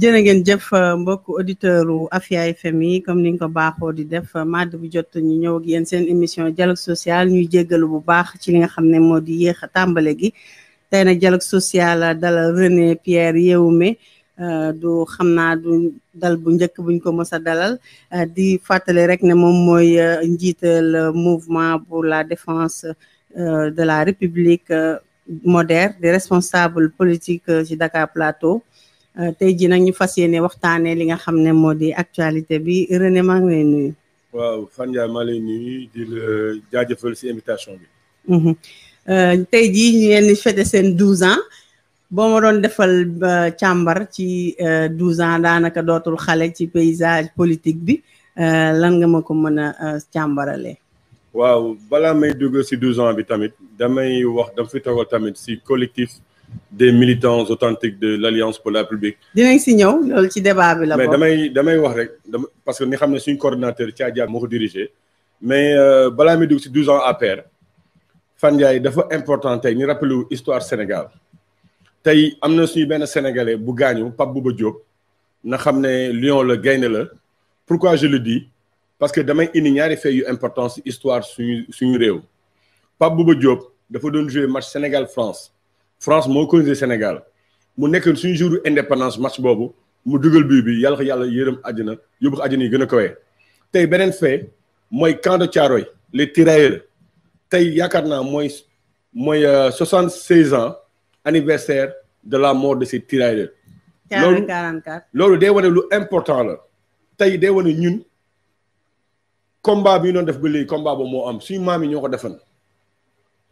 jërë ngeen jëf euh, mbokk auditeur u Afia FM yi comme ni nga ko baaxoo di def euh, màdd bu jot ñu ñëw ak yéen seen émission dialogue social ñuy jéggalu bu baax ci li nga xam ne moo di yéex a tàmbale gi tey nag dialogue social dala René Pierre Yéhoumé euh, du xam naa du dal bu njëkk buñ ko mës a dalal di fàttali rek ne moom mooy njiital mouvement pour la défense de la République moderne di responsable politiques ci Dakar Plateau Euh, tey jii nag ñu fas yéene waxtaanee li nga xam ne moo di actualité bi René maa ngi lay nuyu. waaw Fanja maa lay nuyu di la euh, jaajëfal si invitation bi. Mhm. Euh, tey jii ñu ngeen di fête seen 12 ans boo ma doon defal càmbar ci 12 ans daanaka dootul xale ci paysage politique bi lan nga ma ko mën a càmbaralee. waaw balaa may dugg si 12 ans bi tamit damay wax dama fi toogal tamit si collectif. des militants authentiques de l'Alliance pour la République. dinañ si ñëw loolu ci débat bi la. mais damay damay wax rek parce que ni xam ne suñu coordonnateur Thia Dia moo ko dirigé mais euh, balaa muy dugg si 12 ans APR Fane Ndiaye dafa important tey ñu rappelé wu histoire Sénégal tey am na suñu benn sénégalais bu gaañu Pape Bouba Diop na xam ne Lion la gaynde la pourquoi je le dis parce que damay indi ñaari faits yu importance histoire suñu suñu réew Pape Bouba Diop dafa doon jouer match Sénégal France. France moo colonisé Sénégal mu nekk suñu jour indépendance match boobu mu dugal bii bi yàlla ko yàlla yërëm àddina yóbbu ko yi gën a kawee tey beneen fait mooy camp de Thiaroye les tirailleurs tey yaakaar naa mooy mooy euh, soixante seize ans anniversaire de la mort de ces tirailleurs loolu loolu day wane lu important la tey day wane ñun combat bi ñu def ba léegi combat boobu moo am suñu maam yi ñoo ko defan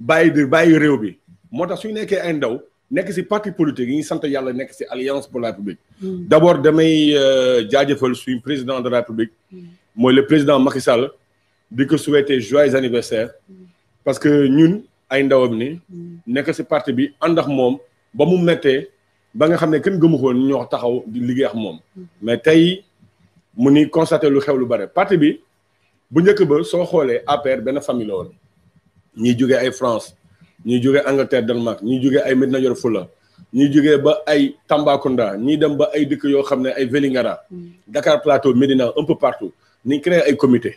bàyyi di bàyyi réew bi moo tax suñu nekkee ay ndaw nekk si parti politique yi ñu sant yàlla nekk si alliance pour la république hmm. d' abord damay euh, jaajëfal suñu président de la république hmm. mooy le président Macky Sall di ko souhaité joyeux anniversaire hmm. parce que ñun ay ndawam ni nekk si parti bi ànd ak moom ba mu mettee ba nga xam ne kenn gëmu ko ñoo taxaw di liggéey ak moom mais tey mu ni constaté lu xew lu bare parti bi bu njëkk ba soo xoolee APR benn famille la woon ñiy jógee ay France ñuy jógee Angleterre Danemark ñuy jógee ay Medina Yor Fula ñuy jógee ba ay Tambacounda ñuy dem ba ay dëkk yoo xam ne ay Vélingara mm. Dakar Plateau Médina un peu partout ni créé ay comité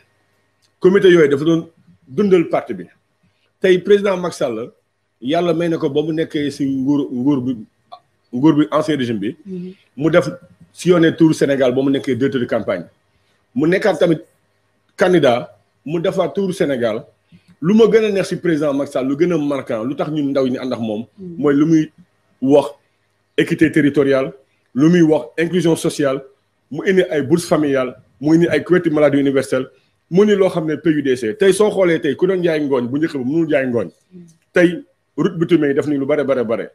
comité yooyu dafa doon dundal parti bi tey président Macky Sall yàlla may na ko ba mu nekkee si nguur nguur bi nguur bi ancien régime bi mm-hmm. mu def si sillonné tour Sénégal ba mu nekkee directeur de campagne mu nekkaat tamit candidat mu defaat tour Sénégal lu ma gën a neex si président Macky Sall lu gën a marquant lu tax ñun ndaw ñi ànd moom. Mm. mooy lu muy wax équité territoriale lu muy wax inclusion sociale mu indi ay bourses familliale mu indi ay couverture maladie universelle mu ni loo xam ne PUDC tey soo xoolee tey ku doon jaay ngooñ bu njëkk ba mënul jaay ngooñ. Mm. tey route bitumée yi def nañ lu bare bare bare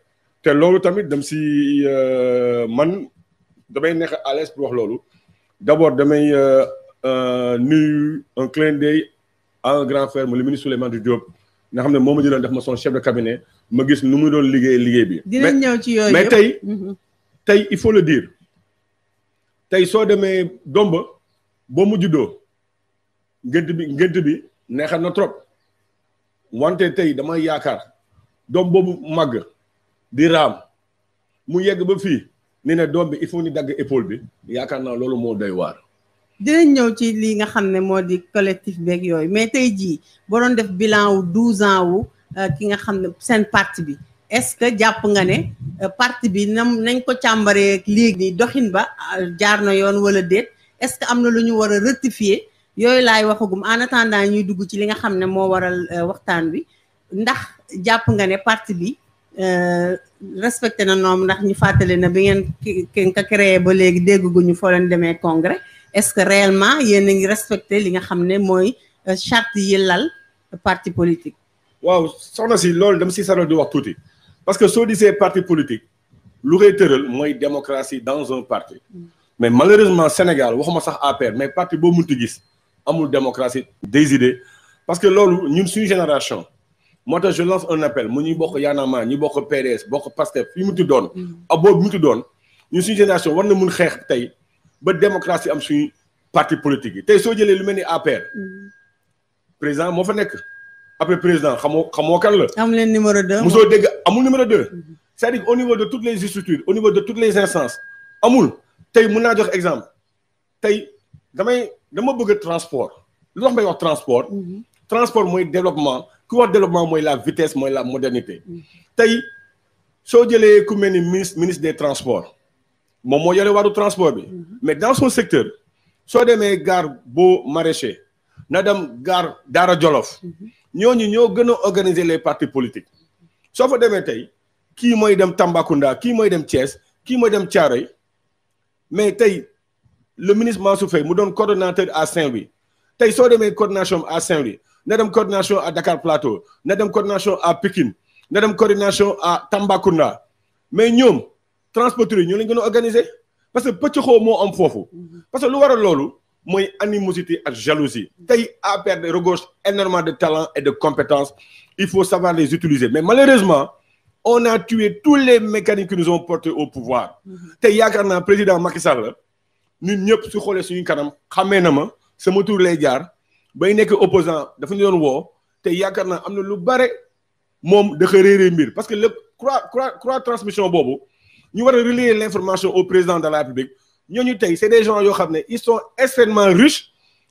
te loolu tamit dem si euh, man damay nekk ales l'aise wax loolu d' abord damay euh, euh, nuyu un clin d'œil à un grand frère mu le ministre Souleymane Diop nga xam ne moo ma jëloon def ma son chef de cabinet ma gis nu mu doon liggéey liggéey bi. dinañ ñëw ci yooyu mais tey mhm. tey il faut la dire tey soo demee Domba boo mu juddoo ngént bi ngént bi neexal na trop wante tey damay yaakaar doom boobu màgg di raam mu yegg ba fii ni ne doom bi il faut ni dagg épaule bi yaakaar naa loolu moo day waar. dinañ ñëw ci li nga xam ne moo di collectif beeg yooyu mais tey jii boo doon def bilan wu 12 ans wu euh, ki nga xam ne seen parti bi est-ce que jàpp nga ne euh, parti bi nam nañ ko càmbaree léegi nii doxin ba euh, jaar na yoon wala déet est-ce que am na lu ñu war a rectifier yooyu laay waxagum en ñuy dugg ci li nga xam ne moo waral waxtaan bi ndax jàpp nga ne parti bi respecté na noom ndax ñu fàttali na bi ngeen ki ka créé ba léegi dégguñu foo leen demee congrès est-ce que réellement yéen a ngi respecté li nga xam ne mooy euh, charte yi lal parti politique. waaw soxna si loolu dem si saral di wax tuuti parce que soo disee parti politique lu koy tëral mooy démocratie dans un parti. Mm. mais malheureusement Sénégal waxuma sax APR mais parti boo munti gis amul démocratie des idées parce que loolu ñun suñu génération. moo tax je lance un appel mu ñuy bokk Y'en a marre ñu bokk PDS bokk PASTEF fi mu ti doon. Mm. ak boobu mu ti doon ñun suñu war na mun xeex tey ba démocratie am suñu parti politique yi tey soo jëlee lu mel ni APR. Mm. président moo fa nekk. après président xamoo xamoo kan la. am leen numéro 2. mosoo dégg amul numéro 2. Mm-hmm. c'est-à-dire au niveau de toutes les structures au niveau de toutes les instances amul tey mun naa jox exemple tey damay dama bëgg transport lu tax may wax transport. Mm-hmm. transport mooy développement ku wax développement mooy la vitesse mooy la modernité. Mm-hmm. tey soo jëlee ku mel ni ministre des transports. moom moo yore waru transport bi mhm. mais dans son secteur soo demee gaar boo maraîcher na dem gaar Daara Jolof mhm. ñooñu ñoo gën a organiser les partis politiques soo fa demee tey kii mooy dem Tambacounda kii mooy dem cees kii mooy dem Thiaroye mais tey le ministre su Faye mu doon coordonnateur à Saint-Louis tey soo demee coordination à Saint-Louis na dem coordination à Dakar Plateau na dem coordination à Pikine na dem coordination à Tambacounda mais ñoom transporteurs yi ñoo leen gën a organisé parce que pëccëxoo moo am foofu parce que lu waral loolu mooy animosité ak jalousie tey APR de regorge énormément de talent et de compétences il faut savoir les utiliser mais malheureusement on a tué tous les mécaniques qui nous ont portés au pouvoir tey yaakaar naa président Macky Sall ñun ñëpp su xoolee suñu kanam xamee na ma sama tur lay jaar bay nekk opposant dafa ñu doon woo te yaakaar naa am na lu bare moom dafa réeree mbir parce que le croix croix transmission boobu ñu war a relayer information au président de la République ñooñu tey c' est des gens yoo xam ne ils sont extrêmement riches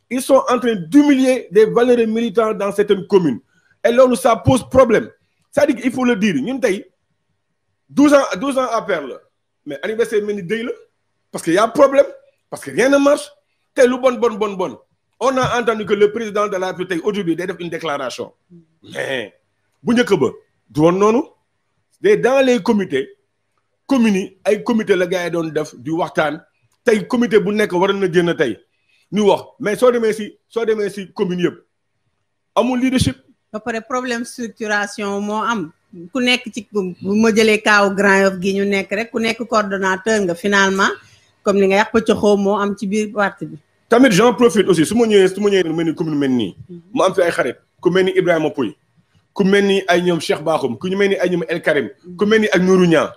ils sont en train d'humilier des valeureux militants dans certaines communes et loolu ça pose problème c'est-à-dire il faut le dire ñun tey douze ans douze ans APR la mais anniversaire mel ni dëy la parce que y a problème parce que rien ne marche te lu bon bon bon bon on na entendu que le président de la République tey aujourd'hui day def une déclaration bu njëkk ba du noonu te dans les comités communes ay commité la gars yi doon def di waxtaan tey comité bu nekk war na génn tey ñu wax mais soo demee si soo demee si commune yëpp amul leadership. ba pare problème structuration moo am ku nekk ci bu ma jëlee kaaw Grand Yoff gi ñu nekk rek ku nekk coordonnateur nga finalement comme ni nga yàq pëccëxoo moo am ci biir parti bi. tamit j'en profite aussi su ma ñëwee su ma ñëwee mel ni commune mel nii mu am fi ay xarit ku mel ni Ibrahima Pouy ku mel ni ay ñoom Cheikh Bakhoum ku mel ni ay ñoom El Karim ku mel ni ak Nourou Niang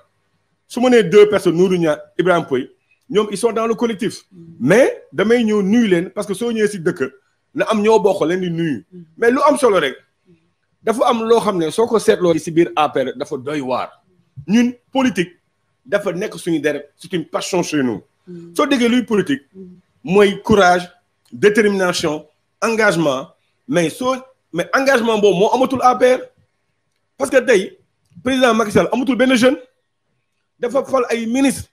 su ma nee deux personnes Nourou Niang Ibrahima Pouye ñoom ils sont dans le collectif. mais damay ñëw nuyu leen parce que soo ñëwee si dëkk na am ñoo bokk leen di nuyu. mais lu am solo rek dafa am loo xam ne soo ko seetloo si biir APR dafa doy waar ñun politique dafa nekk suñu deret c'est une passion chez nous. soo déggee luy politique mooy courage détermination engagement mais soo mais engagement boobu moo amatul APR parce que tey président Macky Sall amatul benn jeune. dafa fol ay ministre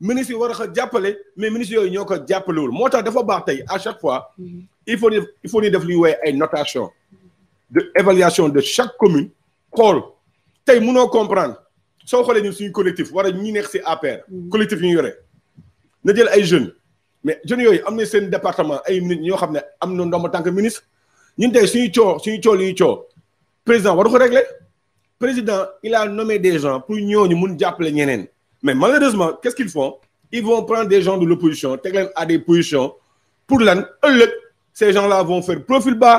ministre yi war a ko jàppale mais ministre yooyu ñoo ko jàppalewul moo tax dafa baax tey à chaque fois mm-hmm. il faut il faut ñu def lu ñuy ay notation de évaluation de chaque commune xool tey mënoo comprendre soo xoolee ñun suñu collectif war a ñi neex si APR mm-hmm. collectif ñu yore na jël ay jeunes mais jeunes yooyu am na seen département ay minutes ñoo xam ne am na ndomba tànk ministre ñun tey suñu coo suñu coo li ñuy coo président waru ko régler président il a nommé des gens pour ñooñu mun jàppale ñeneen mais malheureusement qu'est-ce qu'ils font ils vont prendre des gens de l'opposition teg à des positions pour lan ëllëg ces gens-là vont faire profil bas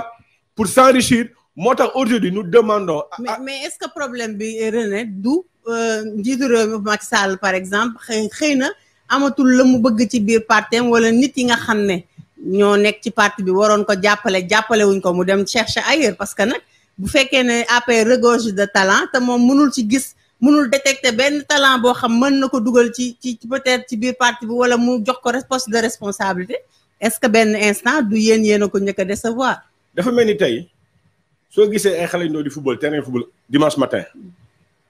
pour s'enrichir moo tax aujourd'hui nous demandons. mais mais est-ce que problème bi René du euh, njiitu réew mi par exemple xëy na amatul la mu bëgg ci biir partem wala nit yi nga xam ne ñoo nekk ci parti bi waroon ko jàppale jàppale wuñ ko mu dem chercher ailleurs parce que nag. bu fekkee ne après regorge de talent te moom mënul ci gis munul détecter benn talent boo xam mën na ko dugal ci ci peut-être ci biir parti bi wala mu jox ko poste de responsabilité est-ce que benn instant du yéen yéen a ko njëkk a décevoir. dafa mel ni tey soo gisee ay xale yu ndaw di football terrain football dimanche matin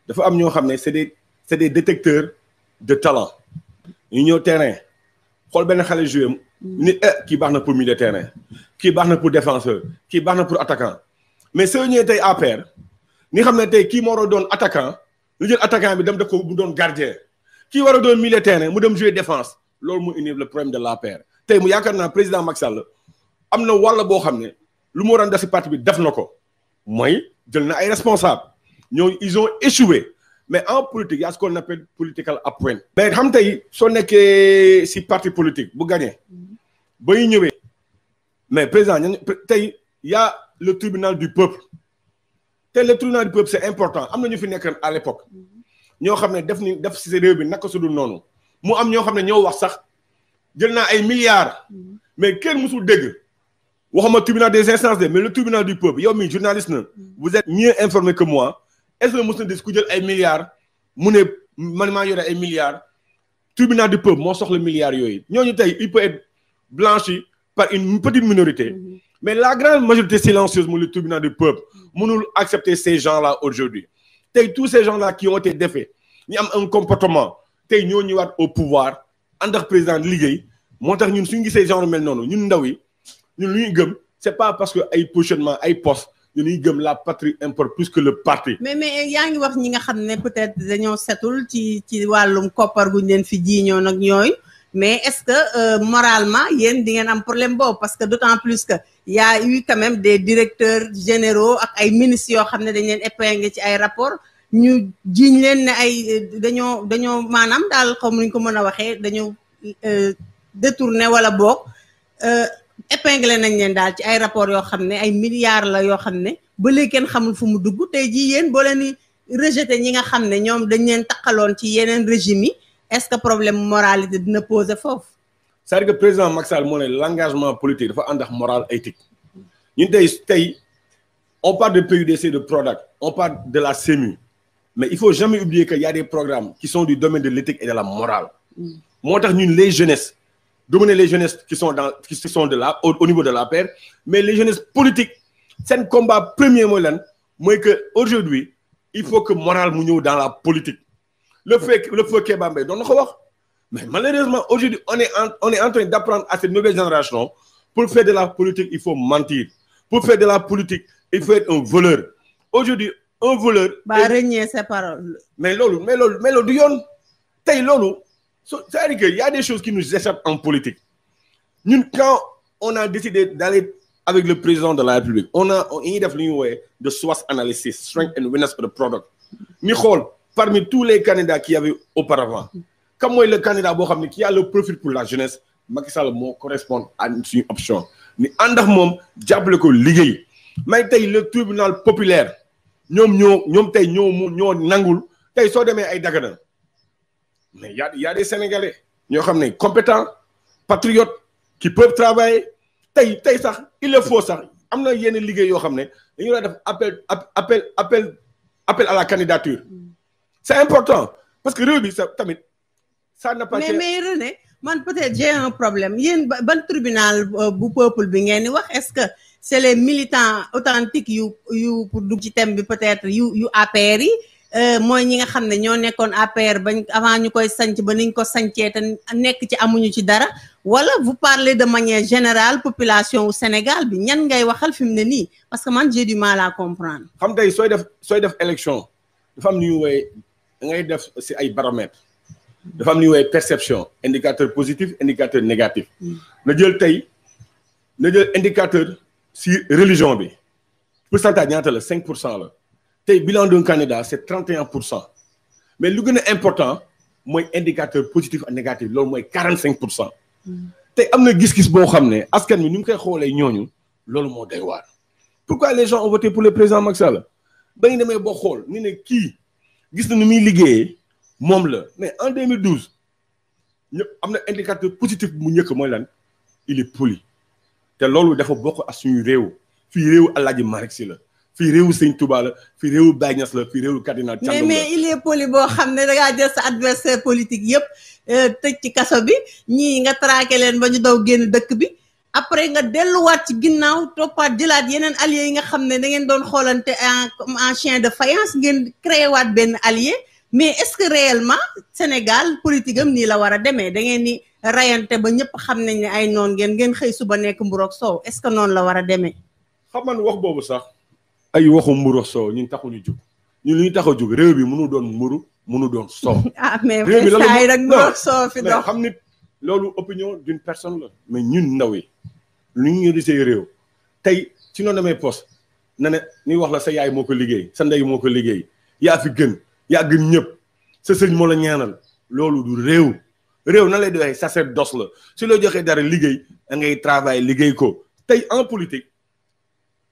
dafa am ñoo xam ne c'est des c'est des détecteurs de talent. ñu ñëw terrain xool benn xale joué ni eh kii baax na pour milieu de terrain kii baax na pour défenseur kii baax na pour attaquant. mais soo ñëwee tey APR ñi xam ne tey kii moo war doon attaquant lu jël attaquant bi dem de ko mu doon gardien kii war a doon milieu terrain mu dem jouer défense loolu mu indi le problème de l'APR tey mu yaakaar naa président Macky Sall am na wàll boo xam ne lu mu waroon def si parti bi def na ko mooy jël na ay responsable ñoo ils ont échoué mais en politique y a ce qu'on appelle political appoint mais xam tey soo nekkee si parti politique bu gagné mm-hmm. ba ñu ñëwee mais le tribunal du peuple te le tribunal du peuple c'est important am na ñu fi nekk à l'époque ñoo xam ne def ni def si réew bi naka su noonu mu am ñoo xam ne ñoo wax sax jël naa ay milliards mais kenn musul dégg waxuma tribunal des instances de mais le tribunal du peuple yow mi journaliste na vous êtes mieux informé que moi est-ce que mos na dis ku jël ay milliards mu ne man maa yore ay milliards tribunal du peuple moo soxla milliards yooyu ñooñu tey il peut être par une petite minorité mais la grande majorité silencieuse mu le tribunal du peuple mënul accepter ces gens-là aujourd'hui tey tous ces gens-là qui ont été défaits ñu am un comportement tey ñoo ñëwaat au pouvoir ànd ak président liggéey moo tax ñun suñu gisee genre mel noonu ñun ndaw yi ñun lu ñu gëm c'est pas parce que ay positionnement ay poste ñu ñuy gëm la patrie importe plus que le parti. mais mais yaa ngi wax ñi nga xam ne peut-être dañoo setul ci ci wàllum koppar guñ leen fi jiiñoo nag ñooyu mais est-ce que euh, moralement yéen di ngeen am problème boobu parce que d'autant plus que y a eu quand même des directeurs généraux ak ay ministres yoo xam ne dañ leen épinglé ci ay rapport ñu jiiñ leen ne ay dañoo dañoo maanaam daal comme ni ñu ko mën a waxee dañoo euh, détourné wala boog euh, épinglé nañ leen daal ci ay rapports yoo xam ne ay milliards la yoo xam ne ba léegi kenn xamul fu mu dugg tey jii yéen boo leen di ñi nga xam ne ñoom dañ leen taqaloon ci yeneen régime yi est-ce que problème moralité dina posé foofu. cest à que président Macky Sall moo ne l'engagement politique dafa ànd ak morale éthique ñun tey tey on parle de PUDC de Prodac on parle de la CEMU mais il faut jamais oublier que y a des programmes qui sont du domaine de l'éthique et de la morale moo tax ñun les jeunesses dominer les jeunesses qui sont dans qui sont de la au, au niveau de l'APR mais les jeunesses politiques seen combat premier mooy lan mooy que aujourd'hui il faut que morale mu ñëw dans la politique le fait le fait doon na ko wax Mais malheureusement, aujourd'hui, on, est en, on est en train d'apprendre à cette nouvelle génération, pour faire de la politique, il faut mentir. Pour faire de la politique, il faut être un voleur. Aujourd'hui, un voleur... Bah, régner ses paroles. Mais lolo, mais lolo, mais lolo, yon, tay lolo. C'est-à-dire qu'il y a des choses qui nous échappent en politique. Nous, quand on a décidé d'aller avec le président de la République, on a, on a fait de SWOT analysis, strength and weakness product. Nicole, parmi tous les candidats qu'il y avait kam mooy le candidat boo xam ne qui a le profil pour la jeunesse Macky moo correspond à suñu option ni ànd ak moom jàppale ko liggéey mais tey le tribunal populaire ñoom ñoo ñoom tey ñoo ñoo nangul tey soo demee ay Dagana mais y a y ñoo xam ne compétents patriotes qui peuvent travailler tey tey sax il le faut sax am na yenn liggéey yoo xam ne dañu la def appel appel appel appel la candidature mm. c'est important parce que réew bi tamit ça n'a pas mais mais René man peut-être j'ai un problème yéen ba tribunal euh, bu peuple bi ngeen di wax est-ce que c'est les militants authentiques yu yu pour dugg ci thème bi peut-être yu yu APR yi euh, mooy ñi nga xam ne ñoo nekkoon APR bañ avant ñu koy sanc ba niñ ko sancee te nekk ci amuñu ci dara wala vous parlez de manière général population au Sénégal bi ñan ngay waxal fi mu ne nii parce que man j'ai du mal à comprendre. xam ngay sooy def sooy def élection dafa am lu ñuy wooye ngay def si ay baromètres. dafa am lu ñuy woowee perception indicateur positif indicateur négatif. Hmm. na jël tey na jël indicateur si religion bi pourcentage ñaata la cinq pour cent la tey bilan d'un candidat c' est 31 pour cent mais lu gën important mooy indicateur positif ak négatif loolu mooy quarante cinq pour cent. Hmm. tey am na gis-gis boo xam ne askan wi ni mu koy xoolee ñooñu loolu moo doy waar. pourquoi les gens ont voté pour le président Macky Sall ba ñu demee boo xool ni ne kii gis na nu muy liggéeyee. moom la mais en 2012 ñëpp am na indicateur positif bu njëkk mooy lan il est poli te loolu dafa bokk ak suñu réew fii réew Alaaji Malick Si la fii réewu Sëñ Touba la fii réewu Baye Niass la fii réewu cardinal Thiandoum la mais mais il est poli boo xam ne dangaa jël sa adversaire politique yëpp euh, tëj ci kaso bi ñii nga traqué leen ba ñu daw génn dëkk bi après nga delluwaat ci ginnaaw toppaat jëlaat yeneen allié yi nga xam ne da ngeen doon xoolante en en chien de faïence ngeen créé waat benn allié mais est-ce que réellement Sénégal politique am nii la war a demee da ngeen ni reyante ba ñëpp xam nañ ne ay noon ngeen ngeen xëy suba nekk mburoog soow est-ce que noonu la war a demee. xam nga wax boobu sax ay waxu mburoog soow ñun taxuñu jug ñun li ñu tax a jug réew bi mënu doon mburu munu doon soow. ah mais saa yi rek mburoog soow fi dox xam ni loolu opinion d'une personne la. mais ñun ndaw yi lu ñu risee réew tey ci noonu damay poste na ne ni wax la sa yaay moo ko liggéey sa ndey moo ko liggéey yaa fi gën. yàgg ñëpp sa sëñ moo la ñaanal loolu du réew réew na lay doxee sacerdoce la su la joxee dara liggéey da ngay travail liggéey ko tey en politique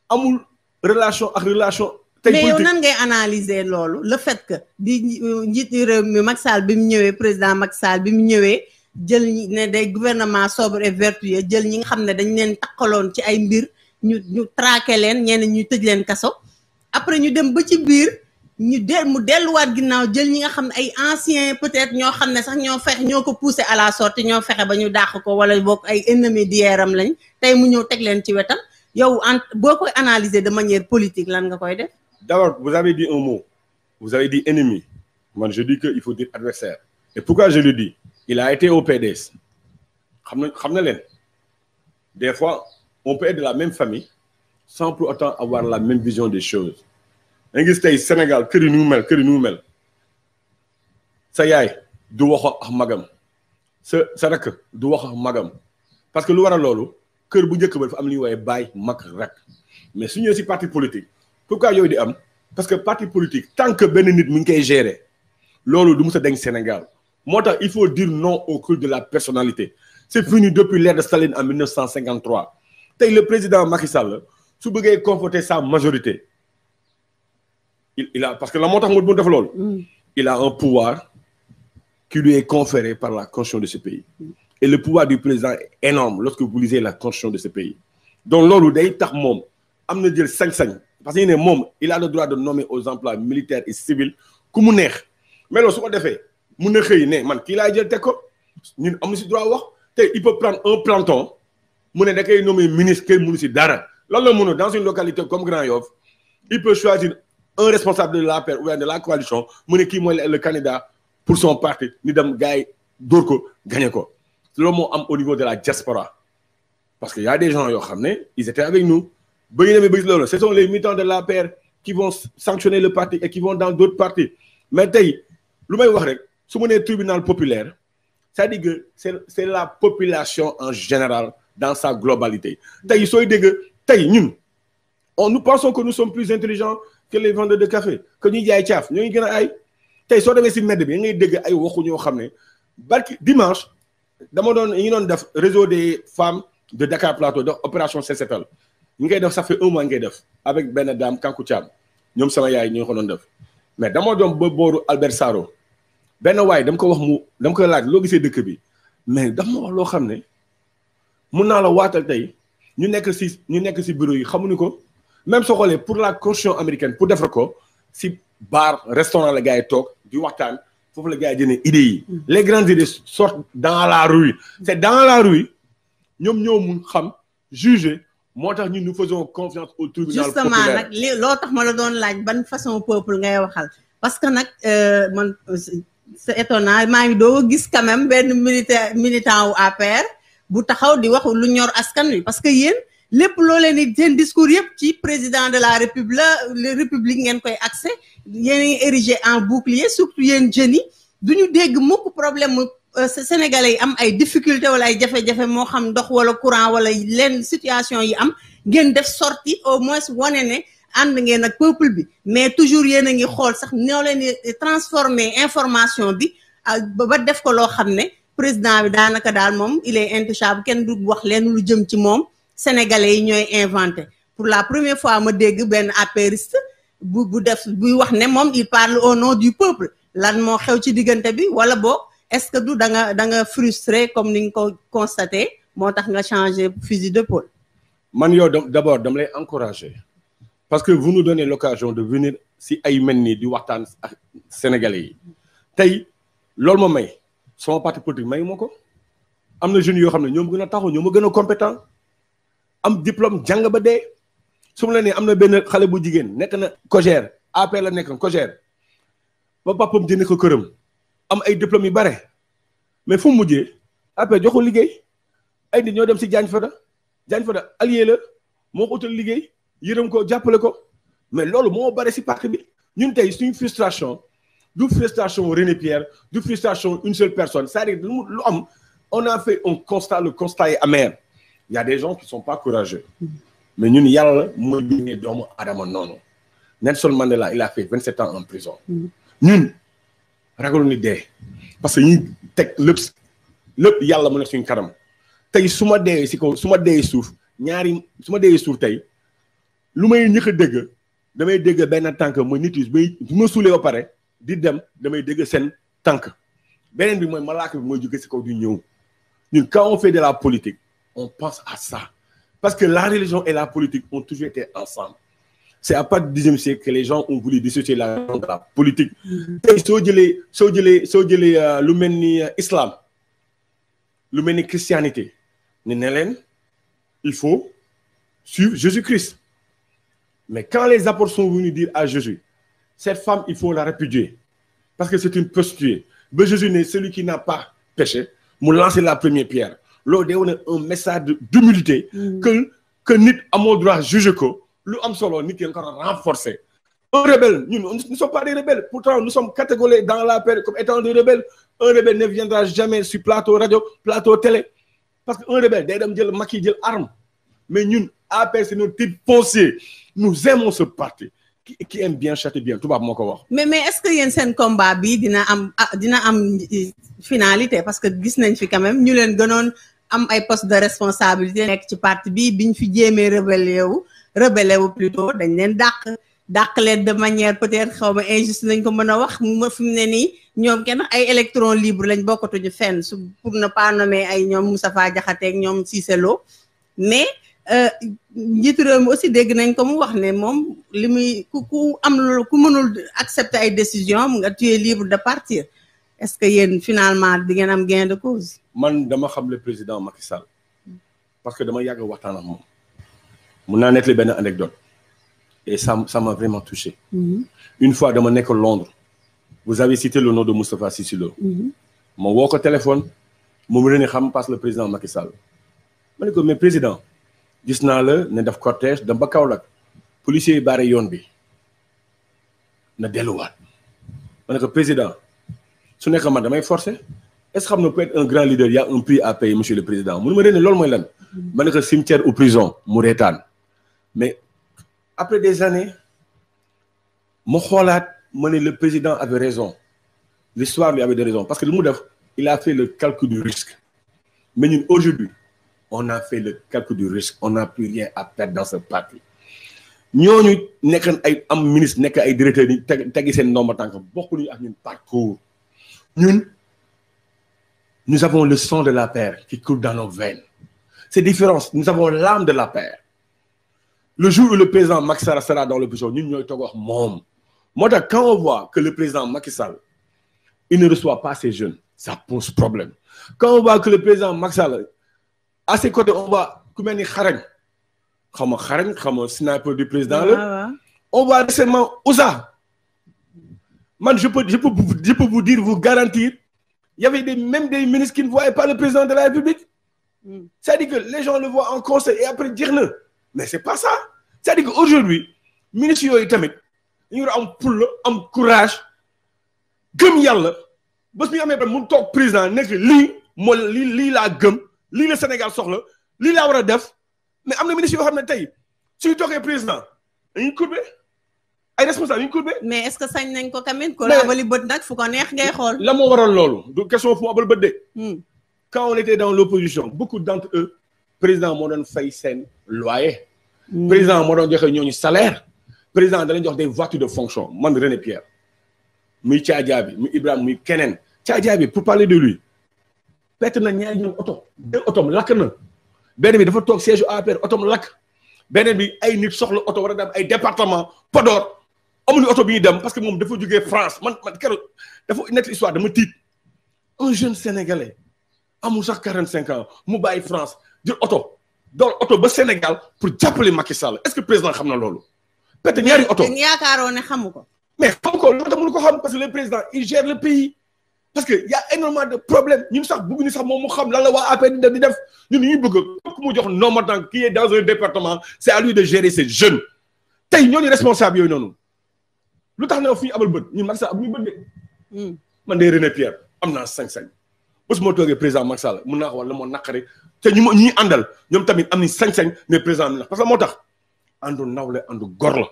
amul relation ak relation. tey mais yow nan ngay analyser loolu le fait que di euh, njiitu réew mi Macky Sall bi mu ñëwee président Macky Sall bi mu ñëwee jël ne day gouvernement sobre et vertueux jël ñi nga xam ne dañ leen takkaloon ci ay mbir ñu ñu traqué leen ñenn ñu tëj leen kaso après ñu dem ba ci biir. ñu del mu delluwaat ginnaaw jël ñi nga xam ne ay anciens peut-être ñoo xam ne sax ñoo fexe ñoo ko poussé à la sortie ñoo fexe ba ñu dàq ko wala bokk ay ennemis d'hièram lañ tey mu ñëw teg leen ci wetal yow en boo koy analyser de manière politique lan nga koy def. d'abord vous avez dit un mot vous avez dit ennemi man je dis que il faut dire adversaire et pourquoi je le dis il a été au PDS xam na xam leen des fois on de la même famille sans pour autant avoir la même nga tey Sénégal kër yi nu mel kër yi nu mel sa yaay du waxoo a magam sa sa rakk du waxoo ak magam parce que lu war a loolu kër bu njëkk ba dafa am li ñuy woowe baay mag rek mais su ñëwee si parti politique pourquoi yooyu di am parce que parti politique tant que benn nit mu ngi koy gérer loolu du mu sa deñ Sénégal moo tax il faut dire non au culte de la personnalité c'est fini depuis l'ère de Staline en 1953 tey le président Macky Sall su bëggee conforter sa majorité il, il parce que la moo tax mu bu def loolu. Mm. il a un pouvoir qui lui est conféré par la constitution de ce pays. et le pouvoir du président est énorme lorsque vous lisez la constitution de ce pays. donc loolu day tax moom am na jël sañ-sañ parce que ñu ne moom il a le droit de nommer aux emplois militaires et civils ku mu neex mais su ko defee mun na xëy ne man kii laay jël teg ko ñun am si droit wax te il peut prendre un planton mu ne da koy nommer ministre kenn mënu si dara lan la mun dans une localité comme un responsable de l'APR ou de la coalition mu ne kii le candidat pour son parti ni dem gars yi dóor ko gagné ko am au niveau de la diaspora parce que y a des gens yoo xam ne ils étaient avec nous ba ñu demee ba gis loolu ce sont les militants de l'APR qui vont sanctionner le parti et qui vont dans d'autres partis mais tey lu may wax rek su ma nee tribunal populaire c'est-à-dire que c'est la population en général dans sa globalité tey sooy dégg tey ñun que les que ñuy jaay caaf ñooy gën a ay tey soo demee si mbedd bi ngay dégg ay waxu ñoo xam ne barki dimanche dama doon ñu doon def réseau des femme de Dakar Plateau dox opération Set Setal ñu ngay def ça fait un mois ngay def avec benn daam Kanku Thiam ñoom sama yaay ñoo ko doon def mais dama doon ba booru Albert Saro benn waay dam ko wax mu dam ko laaj loo gisee dëkk bi mais dama wax loo xam ne mun naa la waatal tey ñu nekk si ñu nekk si bureau yi xamuñu ko. même soo pour la constitution américaine pour defar ko si bar restaurant la gars yi toog di waxtaan foofu la gars yi jëlee idées yi. Mm. les grandes idées sortent dans la rue. c' est dans la rue ñoom ñoo mun xam juger moo tax ñun nous faisons confiance au tribunal populaire justement nag loo tax ma la doon laaj ban façon peuple ngay waxal parce que nag euh, man c'est étonnant maa ngi doo gis quand même benn militaire militant à APR bu taxaw di wax lu ñor askan wi parce que yéen. lépp loo leen di seen discours yëpp ci président de la république la république ngeen koy accès yéen ngi érigé en bouclier surtout yéen jeunes yi du ñu dégg mukk problème mu euh, sénégalais yi am ay difficulté wala ay jafe-jafe moo xam ndox wala courant wala leen situation yi am ngeen def sorti au moins wane ne ànd ngeen ak peuple bi mais toujours yéen a ngi xool sax ñoo leen di transformer information bi ah, ba def ko loo xam ne président bi daanaka daal moom il est intouchable kenn du wax leen lu jëm ci moom sénégalais yi ñooy inventé pour la première fois ma dégg benn apériste bu bu def buy wax ne moom il parle au nom du peuple lan moo xew ci diggante bi wala boo est-ce que du da nga da nga frustré comme ni nga ko constaté moo tax nga changé fusil de d'épaule man yo yow d'abord dam lay encouragé parce que vous nous donnez l'occasion de venir si ay mel nii di waxtaan ak sénégalais yi tey loolu moo may sama parti politique may ma ko am na jeunes yoo xam ne ñoom gën a taxaw ñoo ma gën a compétent am diplôme jàng ba dee su la nee am na benn xale bu jigéen nekk na cogère AP la nekkoon cogère ba papam jënd ko këram am ay diplôme yu bare mais fu mu mujjee AP joxul liggéey ay nit ñoo dem si Diagne Fada Diagne Fada allié la moo ko utal liggéey yërëm ko jàppale ko mais loolu moo bare si parti bi ñun tey suñu frustration du frustration René Pierre du frustration une seule personne c'est-à-dire lu am on a fait un constat le constat est amer y a des gens qui sont pas courageux mais ñun yàlla mooy bindee doomu adama noonu Nelson Mandela il a fait vingt sept ans en prison ñun ragalu ni dee parce que ñuy teg lépp lépp yàlla mu ne suñ kanam tey su ma dee si kaw su ma dee suuf ñaari su ma dee suuf tey lu may ñëkk a damay dégg benn tànk mooy nit ba bay ma suulee ba pare di dem damay dégg seen tànk beneen bi mooy malaaka bi mooy jóge si kaw du ñëw ñun quand on fait de la politique on pense à ça. Parce que la religion et la politique ont toujours été ensemble. C'est à partir du 10e siècle que les gens ont voulu dissocier la politique. Mm-hmm. tey soo jëlee soo jëlee soo jëlee euh, lu mel ni euh, islam lu mel ni christianité ñu ne leen il faut suivre Jésus-Christ. Mais quand les apôtres sont venus dire à Jésus, cette femme, il faut la répudier parce que c'est une prostituée. Mais Jésus n'est celui qui n'a pas péché, mu lancer la première pierre. loolu day un message d'humilité mm. que que nit amoo droit juger ko lu am solo nit yi nga ko war a renforcer un rebelle ñun nous ne sommes pas des rebelles pourtant nous sommes catégorisés dans la comme étant des rebelles un rebelle ne viendra jamais sur plateau radio plateau télé parce que un rebelle day dem jël makki jël arme mais ñun APR c'est notre titre foncier nous aimons ce parti qui qui aime bien châtie bien tubaab moo ko wax. mais mais est-ce que yéen seen combat bi dina am ah, dina parce que gis nañ fi am ay poste de responsabilité nekk ci parti bi biñ fi jéemee rebelle wu rebelle wu plutôt dañ leen dàq dàq leen de manière peut-être xaw ma injuste lañ ko mën a wax mu fi mu ne nii ñoom kenn ay électron libre lañ bokkatuñu fenn su pour ne pas nommer ay ñoom Moustapha Diakhaté ak ñoom Cissé Lo mais euh, njiitu réew aussi dégg nañ ko mu wax ne moom li muy ku ku am loolu ku mënul accepter ay décision nga tu es libre de partir est-ce que yéen finalement bi ngeen am gain de man dama xam le président Macky Sall parce que dama yàgg waxtaan ak moom mun naa nettali benn anecdote et ça ça m'a touché mm-hmm. une fois dama nekk Londres vous avez cité le nom de Moustapha Cissé Lo mm-hmm. woo ko téléphone moom ren xam parce que président Macky Sall ma ne ko mais président gis naa la ne def cortège dem ba Kaolack policiers yi baare yoon bi na delluwaat ma ne ko président su nekk man damay forcer est-ce que xam nga per être un grand leader y a un prix à payer monsieur le président mënu ma reen loolu mooy lan ma ne ko cimetière ou prison mu reetaan mais après des années ma xoolaat ma ne le président avait raison l'histoire lui avait des raisons parce que li mu def il a fait le calcul du risque mais ñun aujourd'hui on a fait le calcul du risque on n'a plus rien à perdre dans ce parti ñooñu nekkan ay am ministre nekk ay directeurs yi teg tegi seen ndomba tànk bokkuñu ak ñun parcours Nous avons le sang de la paix qui coule dans nos veines. C'est différent. Nous avons l'âme de la paix. Le jour où le président Macky Sall sera dans le bureau, nous ñooy toog wax moom moo tax quand on voit que le président Macky Sall il ne reçoit pas ses jeunes ça pose problème quand on voit que le président Macky Sall à ses côtés on voit ku mel ni xarañ xam nga xam nga sniper du président la on voit récemment Ousa man je peux je peux vous dire vous garantir y avait même des ministres qui ne voyaient pas le président de la République. Hmm. C'est-à-dire que les gens le voient en conseil et après dire le. Mais c'est pas ça. C'est-à-dire qu'aujourd'hui, ministres yooyu tamit dañu war a am fulla am courage gëm yàlla bés bu ñu ba mu toog président nekk lii moo lii lii laa gëm lii Sénégal soxla lii laa war a def mais am na ministres yoo xam ne tey suñu toogee président dañuy couper. ay responsable yu mais est ce que sañ nañ ko tamit. ko la abali bët nag fu ko neex ngay xool. la moo waral loolu du question fu mu abal bët de. Hmm. quand on était dans l'opposition beaucoup d' entre eux président moo doon fay seen loyer. Hmm. président moo doon joxe ñooñu salaire. président da leen jox des voitures de fonction man René Pierre. muy Thiadia bi muy Ibrahima muy keneen Thiadia bi pour parler de lui perte na ñaari ñoom oto deux lakk na benn bi dafa toog siège APR otom lakk beneen bi ay nit soxla oto war a dem ay département Podor. amuñu oto bi ñu dem parce que moom dafa jógee France man man keroog dafa nekk histoire dama un jeune sénégalais amul sax quarante cinq ans mu bàyyi France jël oto door oto ba Sénégal pour jàppale Macky Sall est-ce que président xam na loolu. peut être ñaari oto yaakaaroon ne xamu ko. mais xamu ko ko xam parce que le président il gère le pays parce que y' a énormément de problèmes ñun sax bëgg ñu sax moom mu xam lan la waa APR di def ñun ñu bëgg ku mu jox nombre qui est dans un département c' est à lui de gérer noonu. lu tax ne fu ñu abal bët ñun Macky Sall ab ñu bët hmm. man de René Pierre am naa sañ-sañ bés moo toogee président Macky Sall mun naa ko wax la moo naqari te ñu ma ñuy àndal ñoom tamit am ni sañ-sañ mais président am na parce que moo tax àndu nawle àndu gor la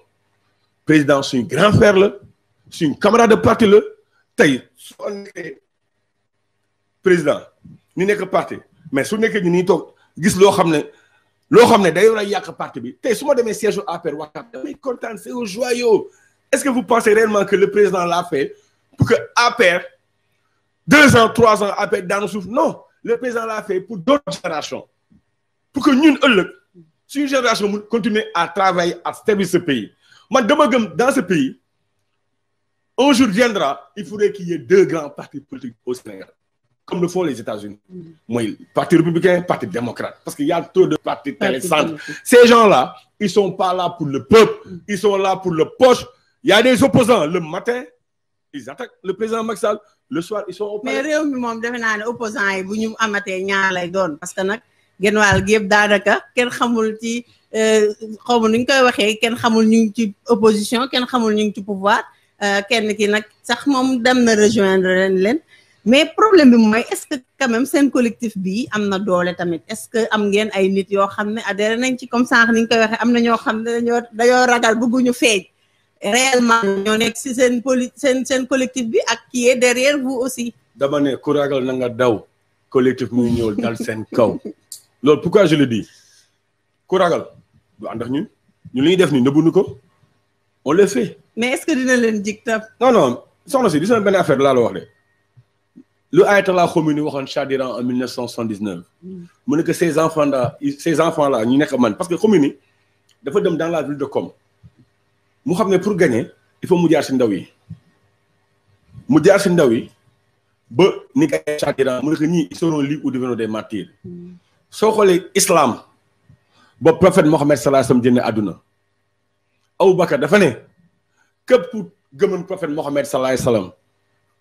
président suñu grand frère la suñu camarade de parti la tey soo nekkee président ñu nekk parti mais su nekkee ñu ni toog gis loo xam ne loo xam ne day war a yàq parti bi tey su ma demee siège APR waxtaan damay kontaan c'est au est-ce que vous pensez réellement que le président l'a fait pour que APR deux ans trois ans APR daanu suuf non le président l'a fait pour d'autres générations pour que ñun ëllëg suñu génération mu continuer à travailler à servir ce pays man dama gëm dans ce pays un jour viendra il faudrait qu'il y ait deux grands partis politiques au Sénégal comme le font les États-Unis mooy parti républicain parti démocrate parce qu'il y a trop de partis télécentres ces là ils sont là pour le peuple ils sont pour le poche y a des opposants le matin ils attaquent le président Macky Sall le soir ils sont au mais réew mi moom defe naa ne opposants yi bu ñu amatee ñaar lay doon parce que nag genn wàll gi yëpp daanaka kenn xamul ci euh, xaw ma nu ñu koy waxee kenn xamul ñu ngi ci opposition kenn xamul ñu ngi ci pouvoir euh, kenn ki nag sax moom dem na rejoindre leen leen mais problème bi mooy est-ce que quand même seen collectif bi am na doole tamit est-ce que am ngeen ay nit yoo xam ne adhéré nañ ci comme sànq ni ñu koy waxee am na ñoo xam ne dañoo dañoo ragal bëgguñu feeñ. réellement ñoo nekk si seen poli seen seen collectif bi ak qui est derrière vous aussi. dama ne ku ragal na nga daw collectif muy ñëw dal seen kaw loolu pourquoi je le dis ku ragal du ànd ak ñun ñu li def nii nëbbuñu ko on le fait. mais est-ce que dina leen jig tam. non non soxna si di sama affaire laa la wax de lu ayatollah Khomeini waxoon Shah d'Iran en 1979 mu ne que ces enfants là ces enfants là ñu nekk man parce que Khomeini dafa dem dans la ville de Qom. mu xam ne pour gagner il faut mu jaar si ndaw yi mu jaar si ndaw yi ba ni kay yi mu ne que ñii ils seront libres ou deviendront des martyrs soo xoolee islaam ba prophète Mohammed sallallahu alayhi wa sallam àdduna aw Aboubacar dafa ne képp ku gëmoon prophète Mohammed sallallahu alayhi wa sallam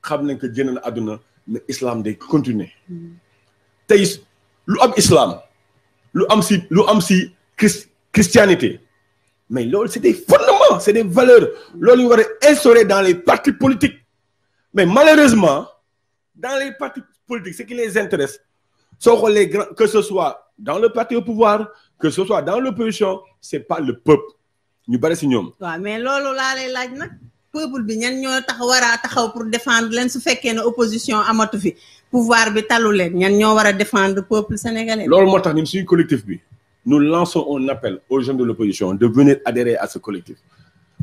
xam nañ ko jënd na àdduna mais islam day continuer tey lu am islaam lu am ci lu am si christianité mais loolu c'est des fol wax c'est des valeurs loolu ñu war a instaurer dans les partis politiques mais malheureusement dans les partis politiques ce qui les intéresse soo xoolee grand que ce soit dans le parti au pouvoir que ce soit dans l'opposition c'est pas le peuple ñu bari si ñoom. waaw mais loolu laa lay laaj nag peuple bi ñan ñoo tax war a taxaw pour défendre leen su fekkee ne opposition amatu fi pouvoir bi talu leen ñan ñoo war a défendre peuple sénégalais. loolu moo tax ñun suñu collectif bi nous lançons un appel aux jeunes de l'opposition de venir adhérer à ce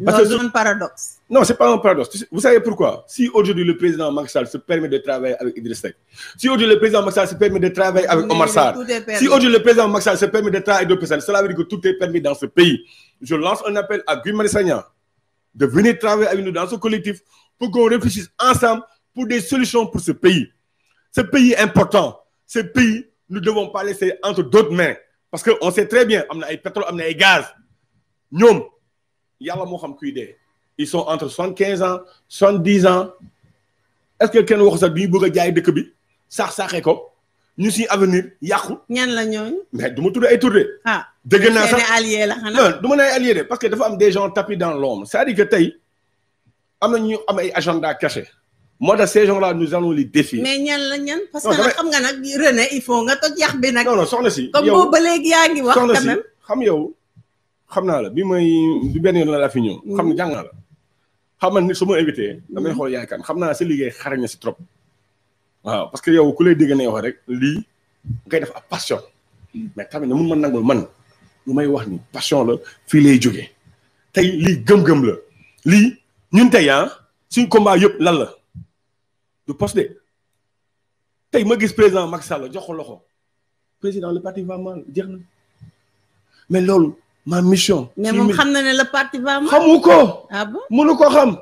Parce que un paradoxe. Non, c'est pas un paradoxe. Vous savez pourquoi Si aujourd'hui le président Macky Sall se permet de travailler avec Idriss Seck, si aujourd'hui le président Macky Sall se permet de travailler avec Omar Sarr, si aujourd'hui le président Macky se permet de travailler avec d'autres cela veut dire que tout est permis dans ce pays. Je lance un appel à Guy Marissagna de venir travailler avec nous dans ce collectif pour qu'on réfléchisse ensemble pour des solutions pour ce pays. Ce pays est important. Ce entre d'autres mains. Parce qu'on sait très bien, on a des pétrole, on a yàlla moo xam kuy dee ils sont entre soixante quinze ans soixante dix ans est ce que kenn waxu sax du ñu bëgg a jaay dëkk bi saax saaxee ko ñu si avenir yàqu. ñan la ñooñu. mais du ma tudd ay de. ah dëgg naa sax allié la xanaa. non du ma nee allié de parce que dafa am des gens tapis dans l'ombre sa à dire que tey am ñu am ay agenda caché. moo tax ces gens là nous allons les défier. mais ñan la ñan parce que nag xam nga nag René il faut nga toj yàq bi nag. non non soxna si. yow comme boobu ba léegi yaa ngi wax. quand même soxna xam yow. xam naa la bi may bi benn yoon la laa fi ñëw. Mm. xam ne jàng naa la. xam nga nit ma invité. damay xool yaay kan xam naa si liggéey xarañ na si trop. waaw parce que yow ku lay dégg ne wax rek lii ngay def ab passion. mais tamit na mun ma nangul man lu may wax ni passion la fii lay jógee. tey lii gëm-gëm la lii ñun tey ah suñ combat yëpp lan la du poste tey ma gis président Macky Sall jox loxo président le parti va mal jeex mais loolu. ma mission. mais moom xam na ne le parti va mal. xamu ko. ah bon mënu ko xam.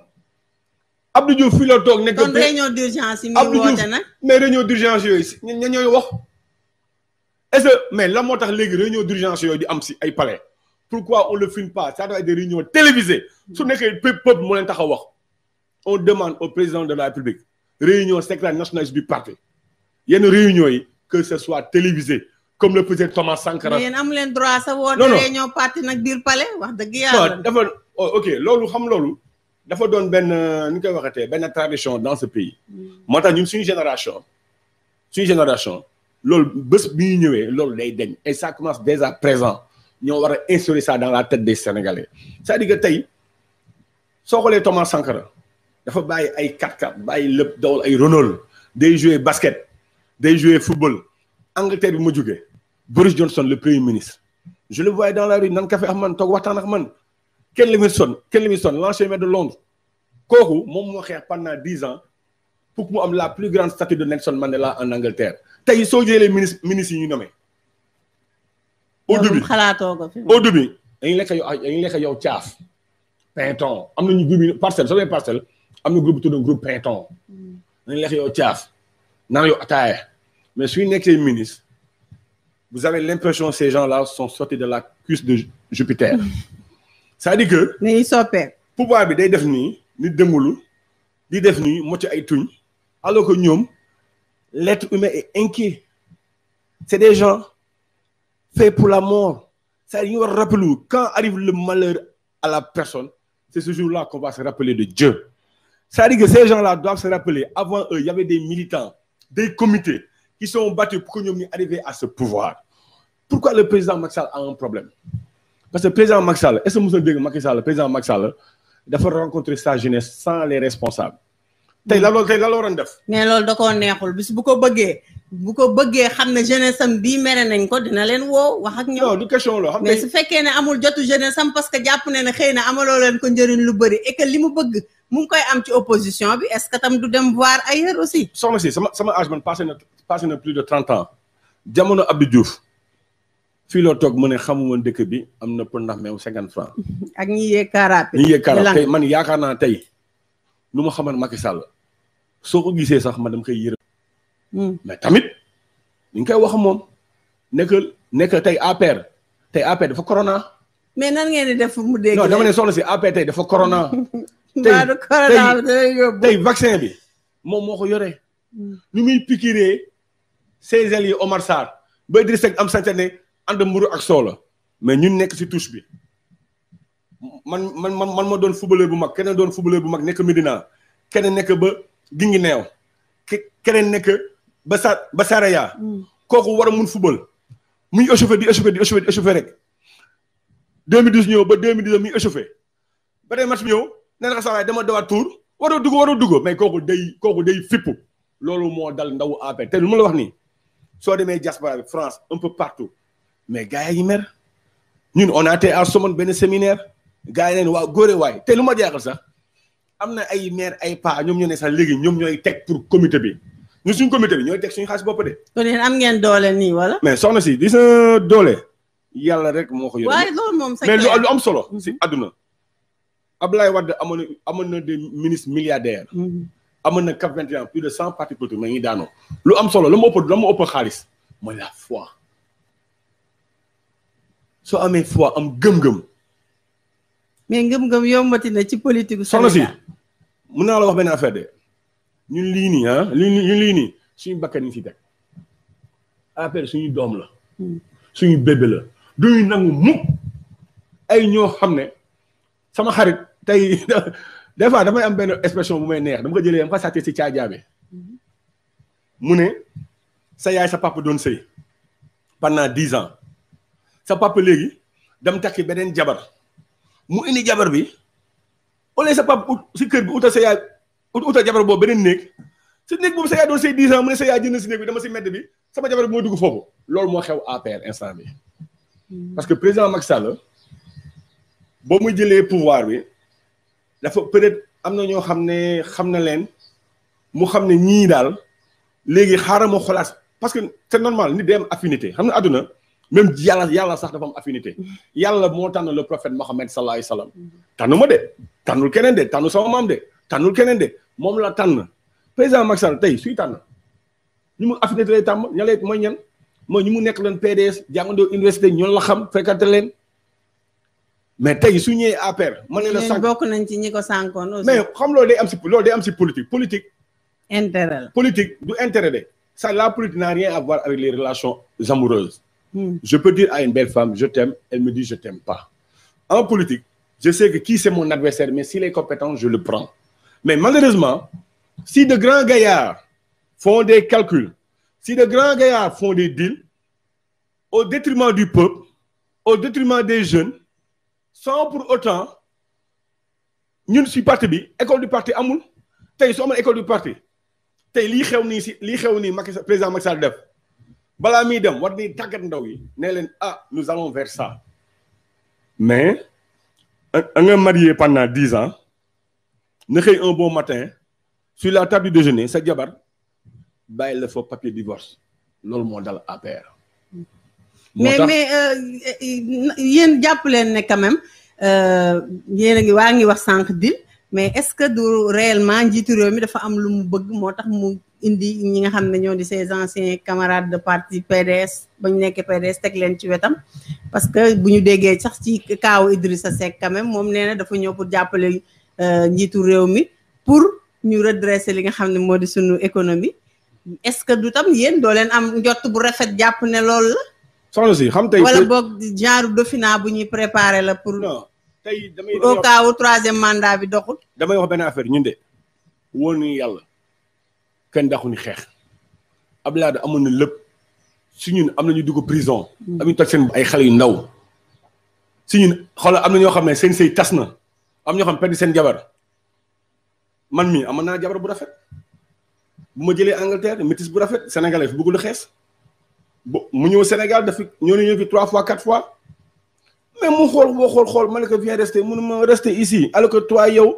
Abdou Diouf fii la toog nekk. kon réunion d'urgence yi muy woote nag mais réunion d'urgence yooyu si ña ñooy wax. est-ce que mais lan moo tax léegi réunion d'urgence yooyu am si ay palais pourquoi on le filme pas ça doit être des réunions télévisées su nekkee peuple moo tax a wax on demande au président de la République réunion secrétaire nationale du parti yenn réunion yi que ce soit télévisé. comme le faisait Thomas Sankara. mais yéen amu leen droit sa woote. non non réunion parti nag biir palais wax oh, loolu xam loolu. dafa doon benn ni koy waxatee benn tradition dans ce pays. Hmm. moo tax ñun suñu génération. suñu génération loolu bés bi ñu ñëwee loolu day deñ et ça à présent ñoo war a instaurer ça dans la tête des sénégalais c'est-à-dire tey soo xoolee Thomas Sankara dafa bàyyi ay 4-4 bàyyi lépp dawal ay Renault day jouer basket day jouer football. Angleterre bi ma jógee Boris Johnson le premier ministre je le voyais dans la rue nan kafe ak man toog waxtaan ak man Ken Livingstone Ken Livingstone l'ancien maire de Londres kooku moom moo xeex pendant dix ans pour mu am la plus grande statue de Nelson Mandela en Angleterre te soo jëlee ministre ministres yi ñu nommé. au début xalaatoo ko fi au début dañu lekk yow dañu lekk yow caaf. am nañu groupe parcelle soo parcelle am na groupe bu tudd groupe Pinton hmm. dañu lekk yow caaf naan yow ataaya. Mais si vous êtes ministre, vous avez l'impression que ces gens-là sont sortis de la cuisse de Jupiter. Ça veut dire que. Mais ils sont pères. Pouvoir bi day def nii nit dëngulu di def nii mocc ay tuñ alors que ñoom l'être humain est inquiet c'est des gens faits pour la mort cest à war a rappeler quand arrive le à la personne c'est là qu'on va de Dieu c'est-à-dire que ces gens-là doivent se rappeler avant eux il y avait des militants des comités qui le président Macky a un problème parce que président Macky Sall est-ce que mos na dégg Macky Sall président Macky Sall dafa rencontrer sa jeunesse sans les responsables. tey la loolu tey la waroon def. mais loolu da neexul bis bu ko bëggee bu ko bëggee xam ne jeunesse am bii mere nañ ko dina leen woo wax ak ñoom. non loo xam ne mais su fekkee ne amul jotu jeunesse parce que jàpp ne ne xëy na amaloo leen ko njëriñ lu bëri et que li mu bëgg. mu ngi koy am ci opposition bi est-ce que tam du dem voir ailleurs aussi. soxna si sama sama âge man passé na passé na plus de trente ans jamono Abdou Diouf loo toog mu ne woon dëkk bi am na pour ndax meew cinquante franc. ak ñi yee kaaraat. ñi yee man yaakaar naa tey lu ma xamal Macky Sall soo ko gisee sax ma dam koy yërëm. Hmm. mais tamit ni nga koy wax moom nekk nekk tey APR tey APR dafa corona. mais nan ngeen di def mu dégg. non dama ne soxna si APR tey dafa corona. tey tey tey vaccin bi moom moo ko yore. ñu hmm. muy piqûre ses ailes yi Omar Sarr ba Idrissa Seck am sañ-sañ ne ànd ak soow mais ñun nekk si touche bi man man man man ma doon footballeur bu mag keneen doon footballeur bu mag nekk Medina keneen nekk ba Gingi Neew keneen nekk ba sa ba Saraya. Hmm. kooku war a mun football muy échauffé di échauffé di échauffé di échauffé rek 2010 ñëw ba 2010 muy échauffé ba tey match bi nee na ko saa waay dama dawa tuur waroo dugg waroo dugg mais kooku day kooku day fippu loolu moo dal ndawu APR te lu ma la wax nii soo demee diaspora bi France un peu partout mais gars yi mer ñun on a été benn séminaire gars yi neen waaw góore waay te lu ma jaaxal sax am na ay maire ay pa ñoom ñoo ne sax léegi ñoom ñooy teg pour comité bi ñu suñ comité bi ñooy teg suñu xaalis bopp de. kon yéen am ngeen doole nii wala. mais soxna si gis sa doole yàlla rek moo ko yor. waaye loolu lu am solo si mm-hmm. àdduna. Abdoulaye Wade amoon na amoon na des ministres milliardaires. Mm-hmm. amoon na Cap 21 plus de cent partis politiques ma ngi daanoo. lu am solo la ma ëpp la xaalis mooy la foi soo amee foi am gëm-gëm. mais gëm ngëm yombati na ci politique. soxna si mun naa la wax benn affaire de ñun lii nii ah ñun lii nii suñu bakkan ni si teg affaire suñu doom la. Mm-hmm. suñu bébé la duñu nangu mukk ay ñoo xam ne sama xarit. tey des fois damay am benn expression bu may neex dama ko jëlee dama ko sàccee si caajaabe mhm. mu ne sa yaay sa pap doon sëy pendant dix ans sa papa léegi dam takki beneen jabar mu indi jabar bi au lieu sa papa ut si kër bi utal sa yaay utal jabar boobu beneen néeg si néeg boobu sa yaay doon sëy dix ans mu ne sa yaay jënd si néeg bi dama si medd bi sama jabar bi moo dugg foofu loolu moo xew APR instant bi mhm. parce que président Macky Sall boo muy jëlee pouvoir bi dafa peut am na ñoo xam ne xam na leen mu xam ne ñii daal léegi xaaral ma xolaat parce que c'est normal ni day am xam nga àdduna même yàlla yàlla sax dafa am affinité yàlla moo tànn le prophète Mohammed sallallahu alayhi wa sallam tànnu ma de tànnul keneen de tànnul sama maam de tànnul keneen moom la tànn président Macky tey suy tànn ñu mu affinité tàmm ña lay ñu mu nekk leen PDS jàngandoo université ñoon la xam fekkante leen mais tey su ñëwee APR. ma ne la sànq bokk nañ ci ñi ko xam loolu am si loolu day am si politique politique. intérêt la politique du intérêt de. ça la politique n'a rien avec les relations amoureuses. Hmm. je peux dire à une belle femme je t'aime elle me dit je t'aime pas. en politique je sais que qui c'est mon adversaire mais s'il est compétent je le prends mais malheureusement si de grands gaillards font des calculs si de grands gaillards font des deals au détriment du peuple au détriment des jeunes. sans pour autant ñun si parti bi école du parti amul tey su amul école du parti tey lii xew nii si lii xew nii Macky président Macky Sall def balaa muy dem war ni tàggat ndaw yi ne leen ah nous allons vers ça mais a nga marié pendant ans nga xëy un bon matin sur la table de déjeuner sa jabar bàyyi la fa papier divorce loolu moo dal APR mais mais euh, yéen jàpp leen ne quand même euh, yéen a ngi waa ngi wax sànq dil mais est-ce que du réellement njiitu réew mi dafa am lu mu bëgg moo tax mu indi ñi nga xam ne ñoo di ses anciens camarades de parti PDS ba ñu nekk teg leen ci wetam parce que bu ñu déggee sax ci kaaw Idrissa Seck quand même moom nee dafa ñëw pour jàppale euh, njiitu réew mi pour ñu redresser li nga xam ne moo di sunu économie est-ce que du tam yéen doo leen am njott bu rafet jàpp ne lool la soxna si xam tey. wala boog genre dauphinat bu ñuy préparer la pour. non tey damay au cas où troisième mandat bi doxul. damay wax benn affaire ñun de wóor nañu yàlla kenn daxuñu xeex Abdoulaye amoon na lépp si ñun am nañu dugg prison. Mm. am ñu toj seen ay xale yu ndaw. si ñun xoolal am na ñoo xam ne seen sëy tas na am ñoo xam perdi seen jabar man mii amoon naa jabar bu rafet bu ma jëlee Angleterre métis bu rafet sénégalais fi bëggul xees. mu ñëw Sénégal dafa ñoo ñu fi trois fois quatre fois mais mu xool boo xool xool ma ne ko viens rester mun ma rester ici alors que toi yow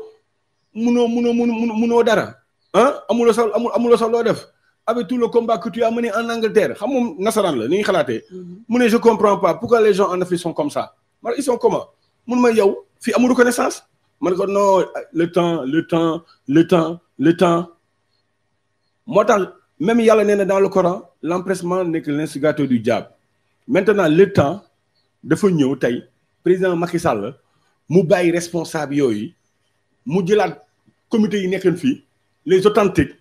munoo munoo munoo munoo dara ah amuloo sa amuloo sa loo def avec tout le combat que tu as mené en Angleterre xam moom nasaraan la ni ñu xalaatee. Mm-hmm. mu ne je comprends pas pourquoi les gens en Afrique sont comme ça man ils sont comment mun ma yow fii amul reconnaissance ma ne ko non le temps le temps le temps le temps moo tax. même yàlla nee na dans le Coran l'empressement n'est que l'instigateur du diable maintenant le temps dafa ñëw tey président Macky Sall mu bàyyi responsable yooyu mu jëlaat comité yi nekkoon fii les authentiques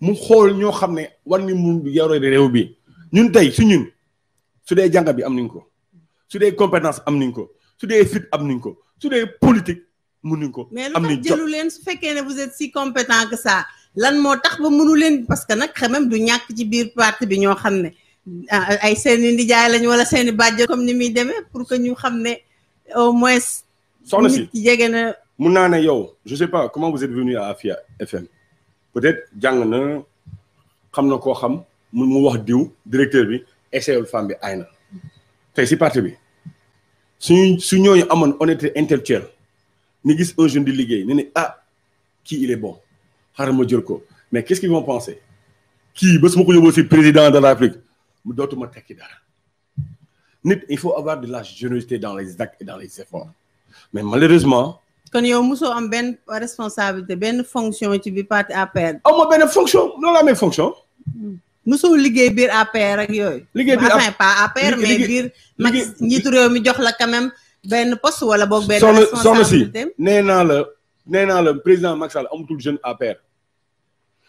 mu xool ñoo xam ne war ni mu yore réew bi ñun tey su ñun su dee jàng bi am nañ ko su dee compétence am nañ ko su dee fit am nañ ko su dee politique mun nañ ko. am mais lu tax jëlu leen su fekkee ne vous êtes si compétent que ça. lan moo tax ba mënu leen parce que nag quand même du ñàkk ci biir parti bi ñoo xam ne ah, ay seeni ndijaay lañ wala seeni bàjjo comme ni muy demee pour que ñu xam ne au moins. soxna si nit jege na. mun naa ne yow je sais pas comment vous êtes venu à Afia FM peut-être jàng na xam na koo xam mu wax diw directeur bi essayul femme bi ay na tey si parti bi suñu su ñooñu amoon honnêteté intellectuelle ni gis un jeune di liggéey ni ne ah kii il est bon. xaaral ma jël ko mais qu'est-ce qu'ils vont penser kii ma ko de la République mu dootuma tekki nit il faut avoir de la générosité dans les actes malheureusement. kon yow mosoo am benn responsabilité benn fonction ci biir part à aw ma benn fonction loolu laa fonction. Hmm. mosoo liggéey biir à ak yooyu. liggéey biir enfin pas APR mais biir. mag njiitu réew mi jox la quand même benn poste wala boog benn. responsabilité soxna naa la nee naa la président Macky Sall amatul jeune APR.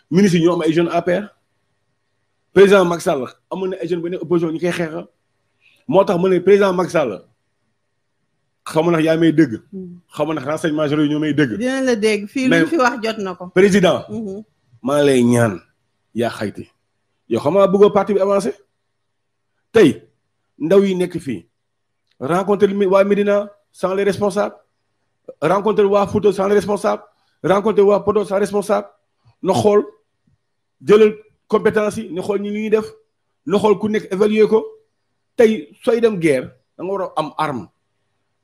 ministre ñoom ñoo am ay jeunes APR président Macky Sall amoon na ay jeunes bu ne opposition ñu koy moo tax mu ne président Macky Sall xamu ndax yaa may dégg. xamu ndax renseignement généraux yi ñoo may dégg. dina la dégg fii lu fi wax jot na ko. président. Mhm. maa lay ñaan yaa xayti yoo xam nga bëggoo parti bi avancé tey ndaw yi nekk fii rencontre waa Médina sans les responsables rencontre waa Fouta sans les responsables rencontre waa Podor sans responsable na xool. jëlal compétence yi ñu xool ñi li ñuy def ñu xool ku nekk évaluer ko tey sooy dem guerre da nga war am arme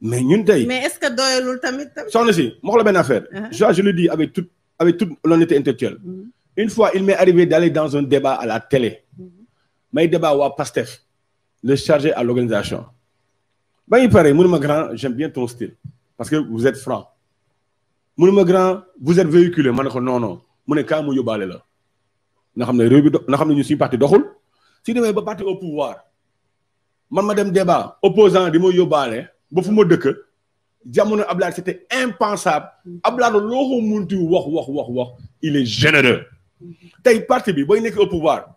mais ñun tey. mais est-ce que doyalul tamit. soxna si ma xoolal benn affaire. Uh-huh. je je le dis avec toute avec toute l'honnêteté intellectuelle. Mm-hmm. une fois il m'est arrivé d'aller dans un débat à la télé. Mm-hmm. mais débat waa PASTEF. le chargé à l'organisation. ba ñu pare mënuma grand j'aime bien ton style parce que vous êtes franc mënuma grand vous êtes véhiculé ma ne ko non non mu ne kaa mu la. na xam ne réew bi do na xam ne ñu suñu parti doxul su demee ba parti au pouvoir man ma dem débat opposant di ma yóbbaale ba fu ma dëkk jamono Abdoulaye c'était impensable Abdoulaye loo ko munti wax wax wax wax il est généreux tey parti bi bay nekk au pouvoir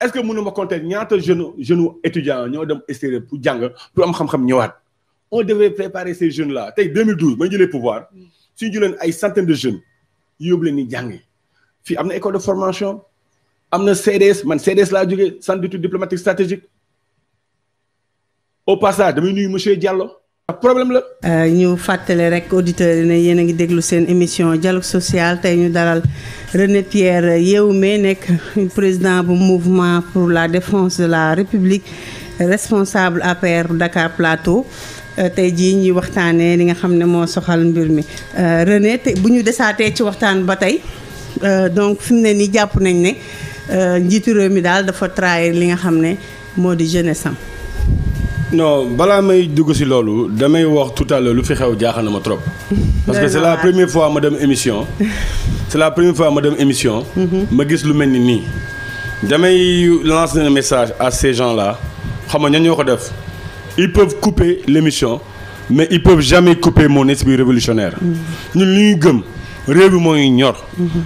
est-ce que mu na ma compter ñaata jeunes jeunes étudiants ñoo dem extérieur pour jàng pour am xam-xam ñëwaat on devait préparer ces jeunes la tey 2012 ba ñu jëlee pouvoir suñu jëleen ay centaines de jeunes yóbbu leen ni jàngi fii am na école de formation am na CDS man CDS laa jógee centre d'études diplomatiques stratégiques au passage damay nuyu monsieur Diallo. problème la. Euh, ñu fàttale rek auditeurs yi ne yéen a ngi déglu seen émission dialogue social tey ñu dalal René Pierre Yéhoume nekk président bu mouvement pour la défense de la République responsable APR Dakar Plateau euh, tey jii ñuy waxtaanee li nga xam ne moo soxal mbir mi euh, René bu ñu desaatee ci waxtaan ba tey. Euh, donc fi mu ne nii jàpp nañ ne euh, njiitu réew mi daal dafa trahir li nga xam ne moo di jeunesse am. non balaa may dugg ci loolu damay wax tout à lu fi xew jaaxal na ma trop. parce que c'est la première fois ma dem émission. c'est la première fois ma dem émission. Mhm. ma gis lu mel ni nii. damay lance un message à ces la xam nga ñoo ko def ils peuvent couper l'émission mais ils peuvent jamais couper mon esprit révolutionnaire. Mhm. ñun li ñuy gëm. réew bi mooy ñor.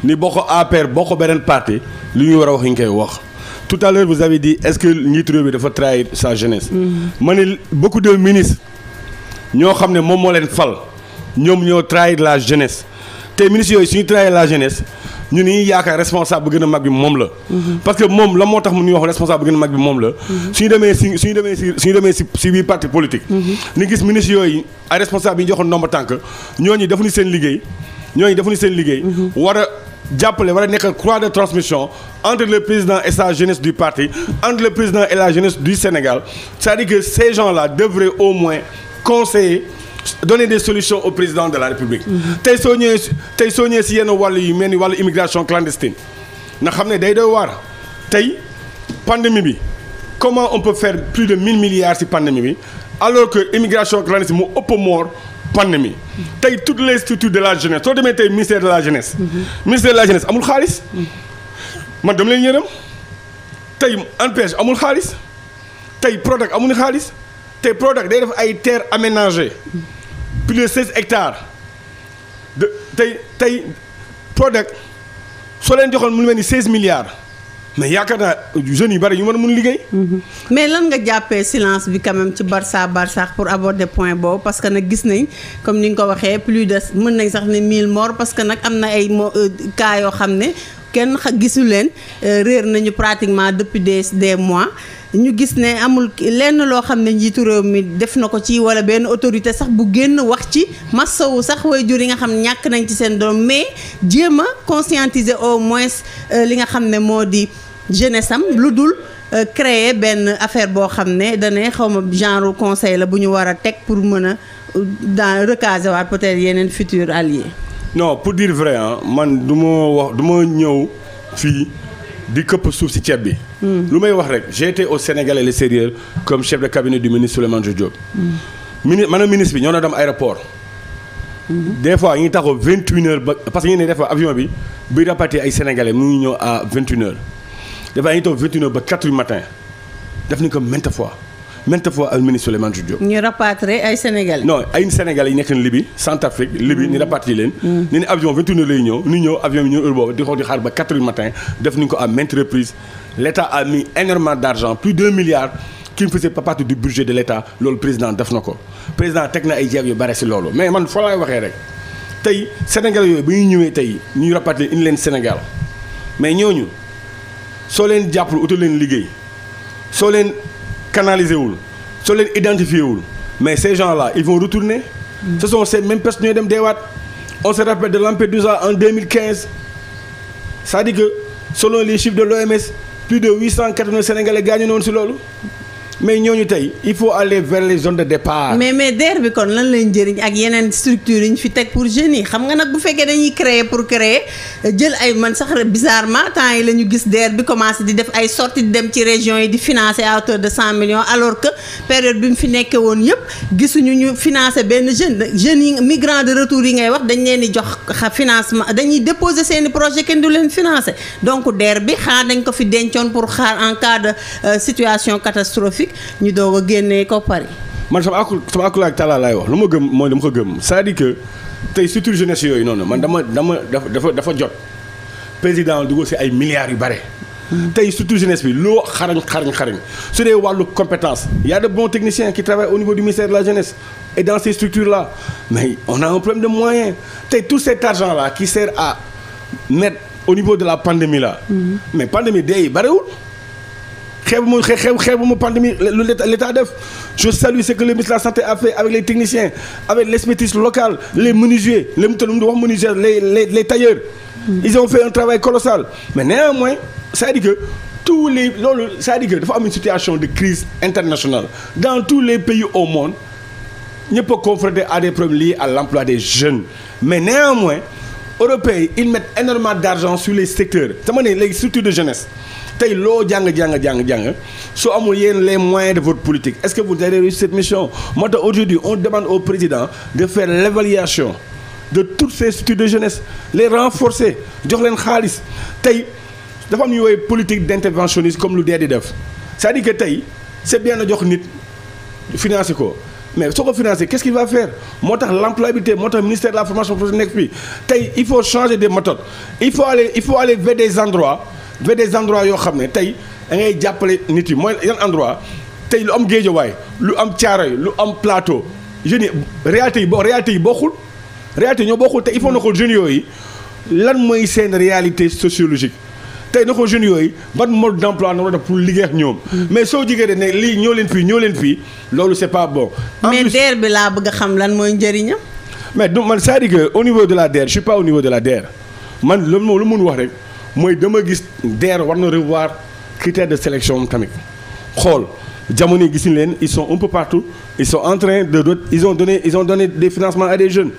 ni boo ko APR boo ko beneen parti li ñuy war a wax ñu koy wax. tout à l'heure vous avez dit est-ce que njiitu réew bi dafa trahir sa jeunesse. Mm-hmm. ma ne beaucoup de ministres ñoo xam ne moom moo leen fal ñoom ñoo trahir la jeunesse te ministres yooyu suñu trahir la jeunesse. ñu ni yaakaar responsable bu gën a mag bi moom la. Mm-hmm. parce que moom la moo tax mu ñuy wax responsable bu gën a mag bi moom la. Mm-hmm. ñu demee si suñu demee si suñu demee si si biir parti politique. ni gis ministres yooyu ay responsable yi ñu joxoon nombre seen liggéey. ñooñu defuñu seen liggéey. war mhm. jàppale war a nekk croix de transmission entre le président et sa jeunesse du parti entre le président et la jeunesse du Sénégal c'est-à-dire que ces gens-là devraient au moins conseiller. donner des solutions au président de la République. Mhm. tey soo ñëwee si tey soo ñëwee si yenn wàll yu mel ni wàllu immigration clandestine na xam ne day doy war tey pandémie bi comment on peut faire plus de 1000 milliards si pandémie bi alors que immigration clandestine mu moor pandémie tey toute les structures de la jeunesse soo demee tey ministère de la jeunesse. ministère de la jeunesse amul xaalis. man dama leen yërëm tey ANPEJ amul xaalis tey Prodac amul xaalis tey Prodac day def ay terres aménagées plus de seize hectares de tey tey Prodac soo leen joxoon mu mel ni seize milliards. mais yaakaar naa jeunes yu bari ñu mën a mun liggéey. Mm-hmm. mais lan nga jàppee silence bi quand même ci Barça Barça pour aborder point boobu parce que nag gis nañ comme ni nga ko waxee plus de mën nañ sax ne 1000 morts parce que nag am na ay mo euh, cas yoo xam ne kenn gisu leen euh, réer nañu pratiquement depuis des des mois. ñu gis ne amul lenn loo xam ne njiitu réew mi def na ko ci walla benn autorité sax bu génn wax ci massawu sax way jur yi nga xam ñàkk nañ ci seen doom mais jéem a conscientiser au moins euh, li nga xam ne moo di. jeunesse am lu dul euh, créer benn affaire boo xam ne dane xaw ma genre conseil la bu ñu war a teg pour mën a euh, dans recaser waat peut yeneen futurs alliés. non pour dire vrai ah man du ma wax du ma ñëw fii di këpp suuf ci ceeb bi. Hmm. lu may wax rek j'ai au Sénégal et l'extérieur comme chef de cabinet du ministre Souleymane Diop. Hmm. mini man ministre bi ñoo na dem aéroport. Hmm. des fois ñu taxaw vingt une heures ba parce que ñu ne des fois avion bi buy rapatrier ay sénégalais mu ngi ñëw à dafaa ngi toog 21 ba 4 du matin def nañu ko maintes fois maintes fois ak ministre Souleymane Diop. ñu rapatrié ay sénégal non ay Sénégalais yi nekk na Libye Centrafrique Libye mm. ñu rapatrié leen. Mm. ñu avion lay ñëw ñu ñëw avion bi ñëw heure boobu di xool di xaar ba 4 du matin def nañu ko à maintes reprises l' état a mis énormément d' argent plus de 2 milliards. qui ne faisait pas partie du budget de l'État loolu président def na ko président teg na ay jeeg yu bare si loolu mais man foo waxee rek tey Sénégal yooyu bu ñu ñëwee tey ñuy rapatrier indi leen Sénégal mais ñooñu soo leen jàppul utal leen liggéey soo leen canaliser wul soo leen identifier wul mais ces gens là ils vont retourner. ce sont ces mêmes personnes ñooy dem deewaat on se rappelle de Lampedusa en 2015 c'est-à-dire que selon les chiffres de l'OMS plus de 880 Sénégalais gaañu na woon si loolu. mais ñooñu tey il faut aller vers les one de départ. mais mais DER bi kon lan lay njëriñ ak yeneen structures yi ñu fi teg pour jeunes yi xam nga nag bu fekkee dañuy créer pour créer jël ay man sax bizarrement temps yi la ñu gis DER bi commencé di def ay sorties dem ci région yi di financer à hauteur de cent millions alors que période bi mu fi nekkee woon yëpp gisuñu ñu financer benn jeune jeunes yi migrants de retour yi ngay wax dañ leen di jox financement dañuy déposer seen projet kenn du leen financer donc DER bi xaar dañ ko fi dencoon pour xaar en cas euh, situation catastrophique ñu doog a génnee ko pari man sama akul sama akul ak talaa laay wax lu ma gëm mooy dama ko gëm sa à dire que tey surtout jeunesse yooyu noonu man dama dama dafa dafa jot président dugal si ay milliards yu bare. tey surtout jeunesse bi loo xarañ xarañ xarañ su dee wàllu compétence y a de bons techniciens qui travaillent au niveau du ministère de la jeunesse et dans ces structures là mais on a un problème de moyens tey tout cet argent là qui sert à mettre au niveau de la pandémie là. Mm-hmm. mais pandémie dee yi barewul. xeebu mu xeebu xeebu mu pandémie lu l'état def je salue ce que le ministre la santé a fait avec les techniciens avec l'expertise locale les menuisiers les mutuelle wax menuisiers les les les tailleurs. Mm. ils ont fait un travail colossal mais néanmoins c'est-à-dire que tous les loolu cest à am une situation de crise internationale dans tous les pays au monde ñëpp a confronté à des problèmes liés à l'emploi des jeunes mais néanmoins européens ils mettent énormément d'argent sur les secteurs dama ne les de jeunesse. tey loo jàng jàng jàng jàng soo amul yéen les moyens de votre politique est-ce que vous avez réussi cette mission moo tax aujourd'hui on demande au président de faire l'évaluation de toutes ces structures de jeunesse les renforcer jox leen xaalis tey dafa am ñu woowee politique d'interventionniste comme lu dee di def cest à que tey c'est bien na jox nit financer ko mais soo ko financer qu'est-ce qu'il va faire moo tax l'employabilité moo tax ministère de la formation professionnelle nekk fii tey il faut changer de méthode il faut aller il faut aller des endroits dafa des endroits yoo xam ne tey da ngay jàppale nit yi mooy yan endroit tey lu am géejawaay lu am caaroy lu am plateau jeunes yi réalité yi bo yi bokkul réalité ñoo bokkul te il faut na ko yi yooyu lan mooy seen réalité sociologique tey na ko jeunes yooyu ban mode d' emploi na pour liggéey ak ñoom mais soo jigée de ne lii ñoo leen fii ñoo leen fii loolu c' est pas bon mais DER bi laa bëgg a xam lan mooy njëriñam mais du man cest à au niveau de la DER je pas au niveau de la DER man loolu moom lu mun wax rek mooy dama gis DER war na revoir critère de sélection tamit xool jamono yi gis leen ils sont un peu partout ils sont en train de ils ont donné ils ont donné des financements à des jeunes.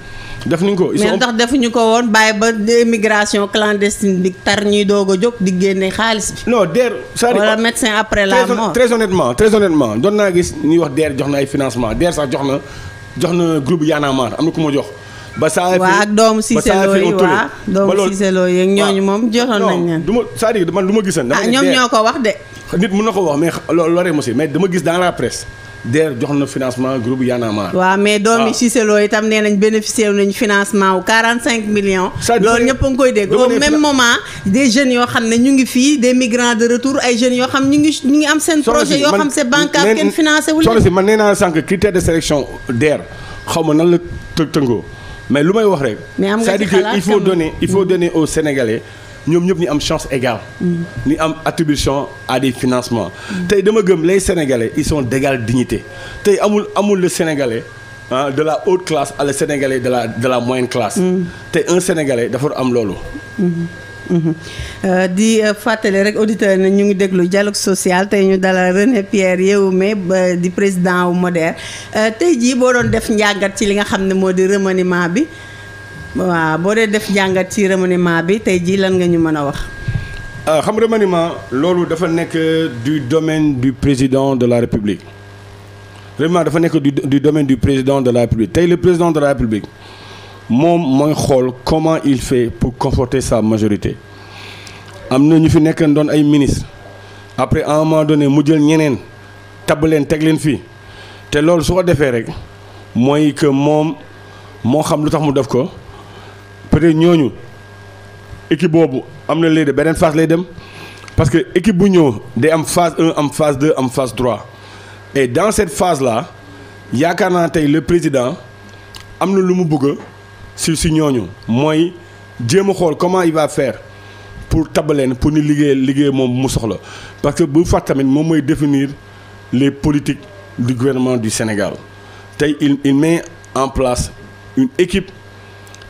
def nañ ko ils mais ndax ko woon bàyyi ba immigration clandestine bi tar ñuy doog a jóg di génne xaalis bi. non DER. cest à après la mort très honnêtement très honnêtement doon naa gis ñuy wax DER jox na ay financement DER sax jox na jox na groupe Y'en a am na ku ma jox. ba saa fi ak yi waa doomu Cissé yi moom jotoon nañ leen. du ma cest man du ma ah, ko wax na ko wax mais loolu loree monsieur dama gis dans la presse. DER jox na financement groupe Y'en a marre. waaw mais doomi ah. Cissé Lo itam nee nañ bénéficié wu nañ financement wu 45 millions. loolu ñëpp a ngi koy dégg au même moment. des jeunes yoo xam ne ñu ngi fii des migrants de retour ay jeunes yoo xam ñu ngi ñu ngi am seen. projet yoo xam c'est bancable kenn financé wu leen. soxna si man nee naa sànq critère de sélection mais lu may wax rek. mais am nga ci xalaat il faut donner il faut mm. donner aux Sénégalais ñoom ñëpp ñu am chance égale. Mm. ñu am attribution à des financements. Mm. tey dama gëm les Sénégalais ils son d'égale dignité tey amul amul le Sénégalais. ah de la haute classe à le sénégalais de la de la moyenne classe. te un sénégalais dafa am loolu. Mm-hmm. Mhm. Euh, di euh, fàttali rek auditeurs na ñu ngi déglu dialogue social tey ñu dalal René Pierre Yéhoume di président wu MODER euh, tey jii boo doon def njàngat ci li nga xam ne moo di remaniement bi waaw boo dee def njàngat ci remaniement bi tey jii lan nga ñu mën a wax. xam remaniement loolu dafa nekk du domaine du président de la République remaniement dafa nekk du domaine du président de la République tey le président de la République. moom mooy xool comment il fait pour conforter sa majorité am na ñu fi nekk doon ay ministre après en un moment donné mu jël ñeneen tabb leen teg leen fii te loolu soo defee rek mooy que moom moo xam lu tax mu def ko peut-être ñooñu équipe boobu am na léegi beneen faas lay dem parce que équipe bu ñëw day am phase 1 am phase de am phase 3 et dans cette phase là yaakaar naa tey le président am na lu mu bëgg si si ñooñu mooy jéem a xool comment il va fair pour tabb leen pour ñu liggéey liggéey moom mu soxla parce que bu fat tamit moom mooy définir les politiques du gouvernement du Sénégal tey il il met en place une équipe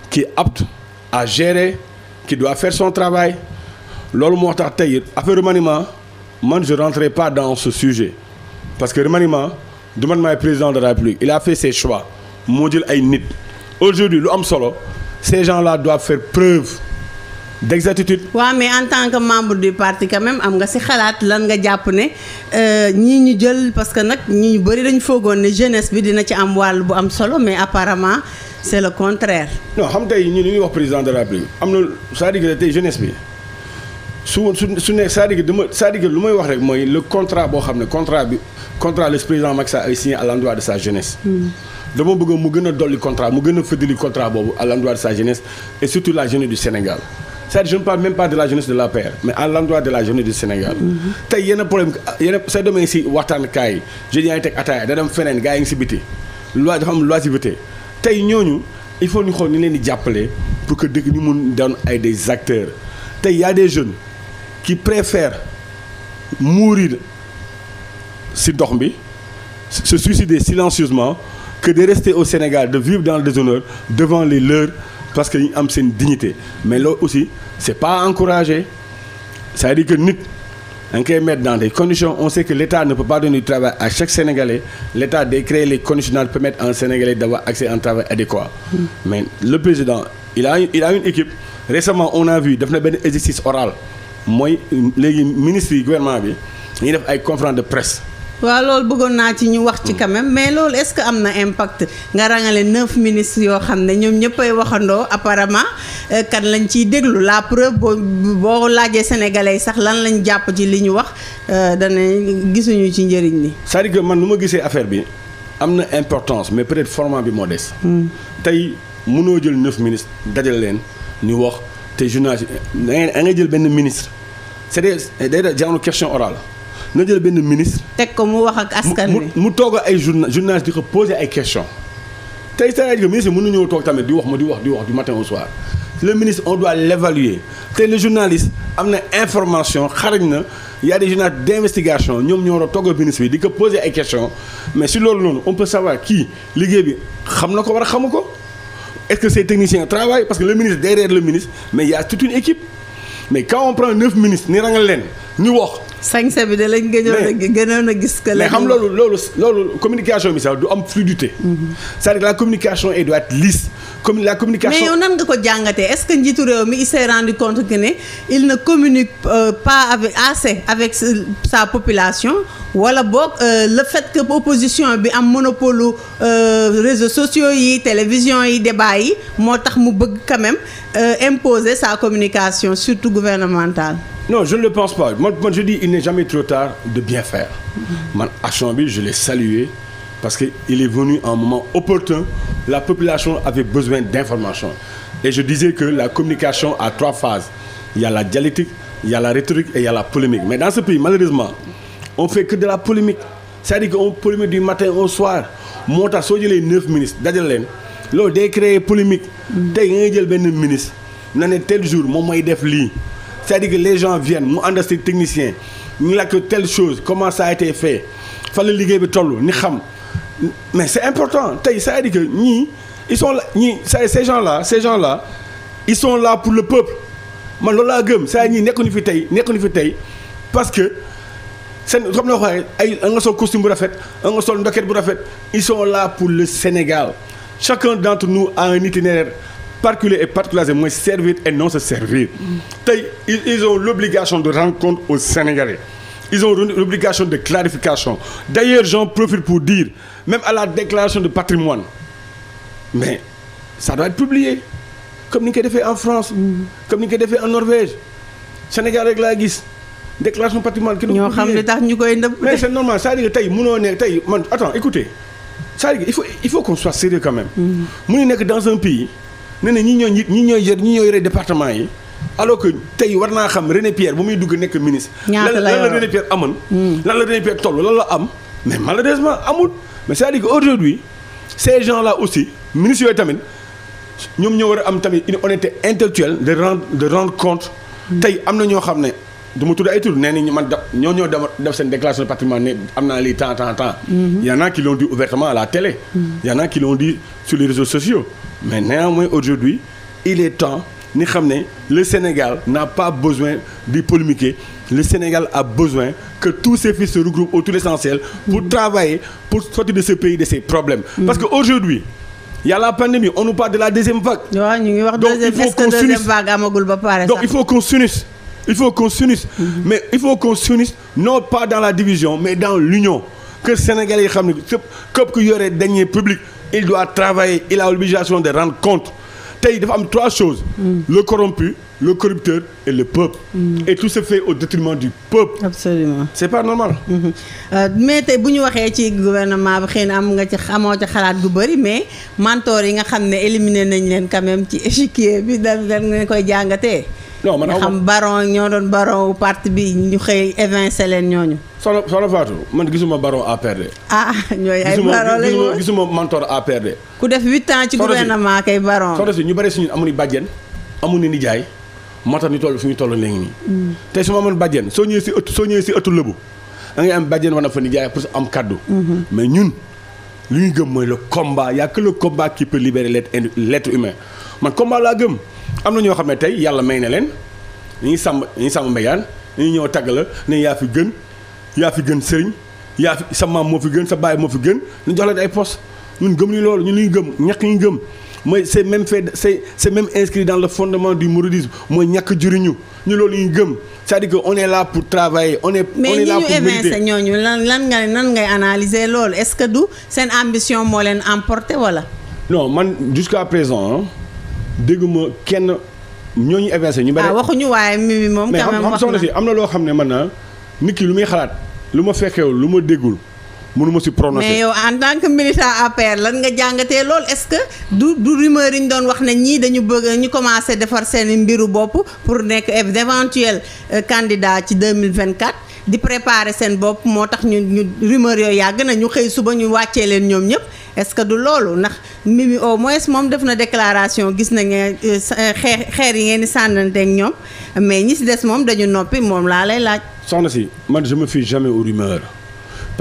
qui est apte à gérer qui doit faire son travail loolu moo tax tey affaire remaniement man je rentrerai pas dans ce sujet parce que remaniement du man maay président de la République il a fait ses choix moo jël ay nit aujourd'hui lu am solo ces gens-là doivent faire preuve d'exactitude. waaw mais en tant que membre du parti quand même am nga ci xalaat lan nga jàpp ne euh, ñii ñu jël parce que nag ñi ñu bëri dañu foogoon ne jeunesse bi dina ci am wàll bu am solo mais apparemment c'est le contraire. non xam tey ñu li ñuy wax président de la République am na c'est-à-dire tey jeunesse bi. su su su nekk c'est-à-dire dama cest à lu may wax rek mooy le contrat boo xam ne contrat bi contrat le président Macky Sall a signé à l'endroit de sa jeunesse. Hmm. dama bëgg mu gën a dolli contrat mu gën a fëddali contrat boobu à l'endroit de sa jeunesse et surtout la jeunesse du Sénégal. c'est-à-dire je ne parle même pas de la jeunesse de l'APR mais à l'endroit de la jeunesse du Sénégal. Hmm. tey yenn problème yenn soo si waxtaan kaay yi teg ataaya da dem feneen gars yi ngi si biti. loi dafa am loisiveté tey ñooñu il faut ñu xool ni leen di jàppale pour que dëkk ñu mun doon ay des acteurs tey y a des jeunes. qui préfèrent mourir si ndox bi se suicider silencieusement que de rester au Sénégal de vivre dans le déshonneur devant les leurs parce que ñu am seen dignité mais loolu aussi c'est pas encouragé c'est-à-dire que nit dañ koy mettre dans des conditions on sait que l'État ne peut pas donner du travail à chaque Sénégalais l'État doit créer les conditions qui permettent un Sénégalais d'avoir accès à travail adéquat mm. mais le président il a une équipe récemment on a def na benn exercice oral mooy léegi ministre yi gouvernement bi dañuy def ay conférence de presse. waaw lool bëggoon naa ci ñu wax ci quand même mais loolu est-ce que am na impact nga rangale neuf ministres yoo xam ne ñoom ñëppay waxandoo apparemment euh, kan lañ ciy déglu la preuve boo boo laajee sénégalais sax lan lañ jàpp ci li ñu wax euh, dana gisuñu ci njëriñ li. cest man nu ma gisee affaire bi am na importance mais peut-être format bi moo des. Hmm. tey mënoo jël neuf ministres dajal leen ñu wax. te journaliste da ngay da jël benn ministre c'est-à-dire day da question orale na jël benn ministre. teg ko mu wax ak askan wi mu mu toog ay journa journaliste di ko poser ay question te c'est-à-dire que ministre mënu ñëw toog tamit di wax ma di wax di wax du matin au soir le ministre on doit l'évaluer te le journaliste am na information xarañ na y a des journalistes d'investigation ñoom ñoo war a togg ministre bi di ko poser ay questions mais si loolu noonu on peut savoir kii liggéey bi xam na ko war a xamu ko. est-ce que ces techniciens travaillent parce que le ministre derrière le ministre mais il y a toute une équipe mais quand on prend neuf ministres ni rangal leen ñu wax. sañse bi da lañ gënoon a gis. que mais xam loolu loolu loolu communication bi sax du am fluidité. Mhm. c'est-à-dire la communication elle doit être lisse. comme la communication. mais yow nan nga ko jàngatee est-ce que njiitu réew mi il rendu compte que ne il ne communique euh, pas avec assez avec sa population wala voilà, euh, le fait que opposition bi am monopole euh, réseaux sociaux yi télévision yi débat yi moo tax mu bëgg quand même euh, imposer sa communication surtout gouvernementale. non je ne le pense pas man man je dis il n'est jamais trop tard de bien faire mm-hmm. man action je l'ai salué. parce qu'il est venu à un moment opportun. La population avait besoin d'informations. Et je disais que la communication a trois phases. Il y a la dialectique, il y a la rhétorique et il y a la polémique. Mais dans ce pays, malheureusement, on fait que de la polémique. C'est-à-dire qu'on polémique du matin au soir. moo tax soo jëlee neuf ministres dajal leen loolu day créer polémique tey ngay jël benn ministre na ne tel jour moom mooy def lii c'est-à-dire que les gens viennent mu ànd technicien ñu la ko telle chose comment ça a été fa la liggéey bi toll ni xam mais c'est important tey c'est-à-dire que ñii ils sont là gens là ces gens là ils sont là pour le peuple ma loolu laa gëm c'est-à-dire ñii nekkuñu fi tey nekkuñu fi tey parce que seen xam na ay a nga sol costume bu rafet a nga sol ndoket bu rafet ils sont là pour le Sénégal chacun d'entre nous a un itinéraire particulier et particularisé mooy servir et non se servir mm. tey ils ont l'obligation de rendre au aux ils ont une obligation de clarification d'ailleurs j'en profite pour dire même à la déclaration de patrimoine mais sa doit être publié comme ni ñu defee en France comme ni ñu defee en Norvège Sénégal rek laa gis déclaration de patrimoine ki ñoo xam ne tax ñu koy nëbb mais c'est normal cest à tey mënoo ne tey man attends écoutez c'est-à-dire que il faut il faut qu'on soit sérieux quand même mm-hmm. mu ñu nekk dans un pays ne ne ñi ñooy ñi ñooy yor ñi ñooy yore département yi alors que tey war naa xam René Pierre bu muy dugg nekk ministre. ñaata la lan la René Pierre amoon. Hmm. lan la René Pierre toll lan la am mais malheureusement amul mais c'est-à-dire que aujourd'hui ces gens là aussi ministres yooyu tamit ñoom ñoo war a am tamit une honnêteté intellectuelle de rendre de rendre compte. Hmm. tey am na ñoo xam ne du ma tudd ay tur nee nañu man da ñoo ñoo def seen déclaration de patrimoine ne am naa lii tant tant tant. Hmm. y en a qui l'ont dit ouvertement à la télé. y en a qui l'ont les temps. ni xam ne le Sénégal n'a pas besoin di polémiquer le Sénégal a besoin que tous ses fils se regroupent autour de l'essentiel pour travailler pour sortir de ce pays de ses problèmes mm. parce que aujourd'hui il y a la pandémie on nous parle de la deuxième vague waaw ñu ngi wax deuxième parce il faut qu'on s'unisse il faut qu'on s'unisse mm-hmm. mais il faut qu'on s'unisse non pas dans la division mais dans l'union que Sénégalais yi xam ne képp ku yore deniers publics il doit travailler il a l'obligation de rendre compte tey dafa am trois choses mm. le le corrupteur et le peuple mm. et tout se fait au détriment du peuple absolument c'est pas normal mm-hmm. euh, mais tey bu ñu waxee ci gouvernement bi xëy na am nga ci amoo ci xalaat gu bëri mais mentor yi nga xam ne éliminer nañ leen quand même ci échiquier bi da nga koy jàngatee non man xam baron ñoo doon baron parti bi ñu xëy évincé leen ñooñu. soxna soxna Fatou man gisuma baron APR de. ah ñooy ay baron lañu gisuma gisuma mentor de. ku def huit ans ci gouvernement kay baron. soxna si ñu bëri suñu amuñu bàjjen nijaay moo tax ñu toll suñu toll léegi nii. Hmm. tey su ma amoon bàjjen soo ñëwee si ëtt soo ñëwee si ëttu lëbu da ngay am bàjjen war na fa nijaay pour am kaddu. Hmm. mais ñun lu ñu gëm mooy le combat y a que le combat qui peut man combat laa gëm. am na ñoo xam ne tey yàlla may na leen ñu ngi sàmm ñu ngi sàmm mbéyaan ñu ñëw tagg la ne yaa fi gën yaa fi gën sëriñ yaa fi sa maam moo fi gën sa baay moo fi gën ñu jox leen ay poste gëm ñu loolu ñun li ñu gëm ñàkk ñu gëm mooy c'est même fait c'est c'est le fondement du mouridisme mooy ñàkk juriñu ñu loolu ñu gëm c'est-à-dire que on est là pour travailler on est. on pour mériter mais ñi ñu ñooñu lan lan ngay nan ngay analyser loolu est-ce que du seen ambition moo leen emporté wala. non man jusqu'à présent. dégguma kenn ñoo ñu éversé ñu. bëri ah, waxuñu waaye mi moom. quand même wax na mais xam soxna si am na loo xam ne mën naa nit lu muy xalaat lu ma fekkeewul lu ma déggul. mënuma ma si prononcé mais yow en tant que militant APR lan nga jàngatee loolu est-ce que du du rumeur yi ñu doon wax ne ñii dañu bëgg ñu commencé defar seen mbiru bopp pour nekk d'éventuel euh, candidat ci deux mille vingt 2024 di préparer seen bopp moo tax ñu ñu rumeur yooyu yàgg na ñu xëy suba ñu wàccee leen ñoom ñëpp est-ce que du loolu ndax mi Mimi au moins moom def na déclaration gis nañ ne xeer xeer yi ngeen di sànnanteeg ñoom mais ñi si des moom dañu noppi moom laa lay laaj. soxna si man je me fie jamais aux rumeurs.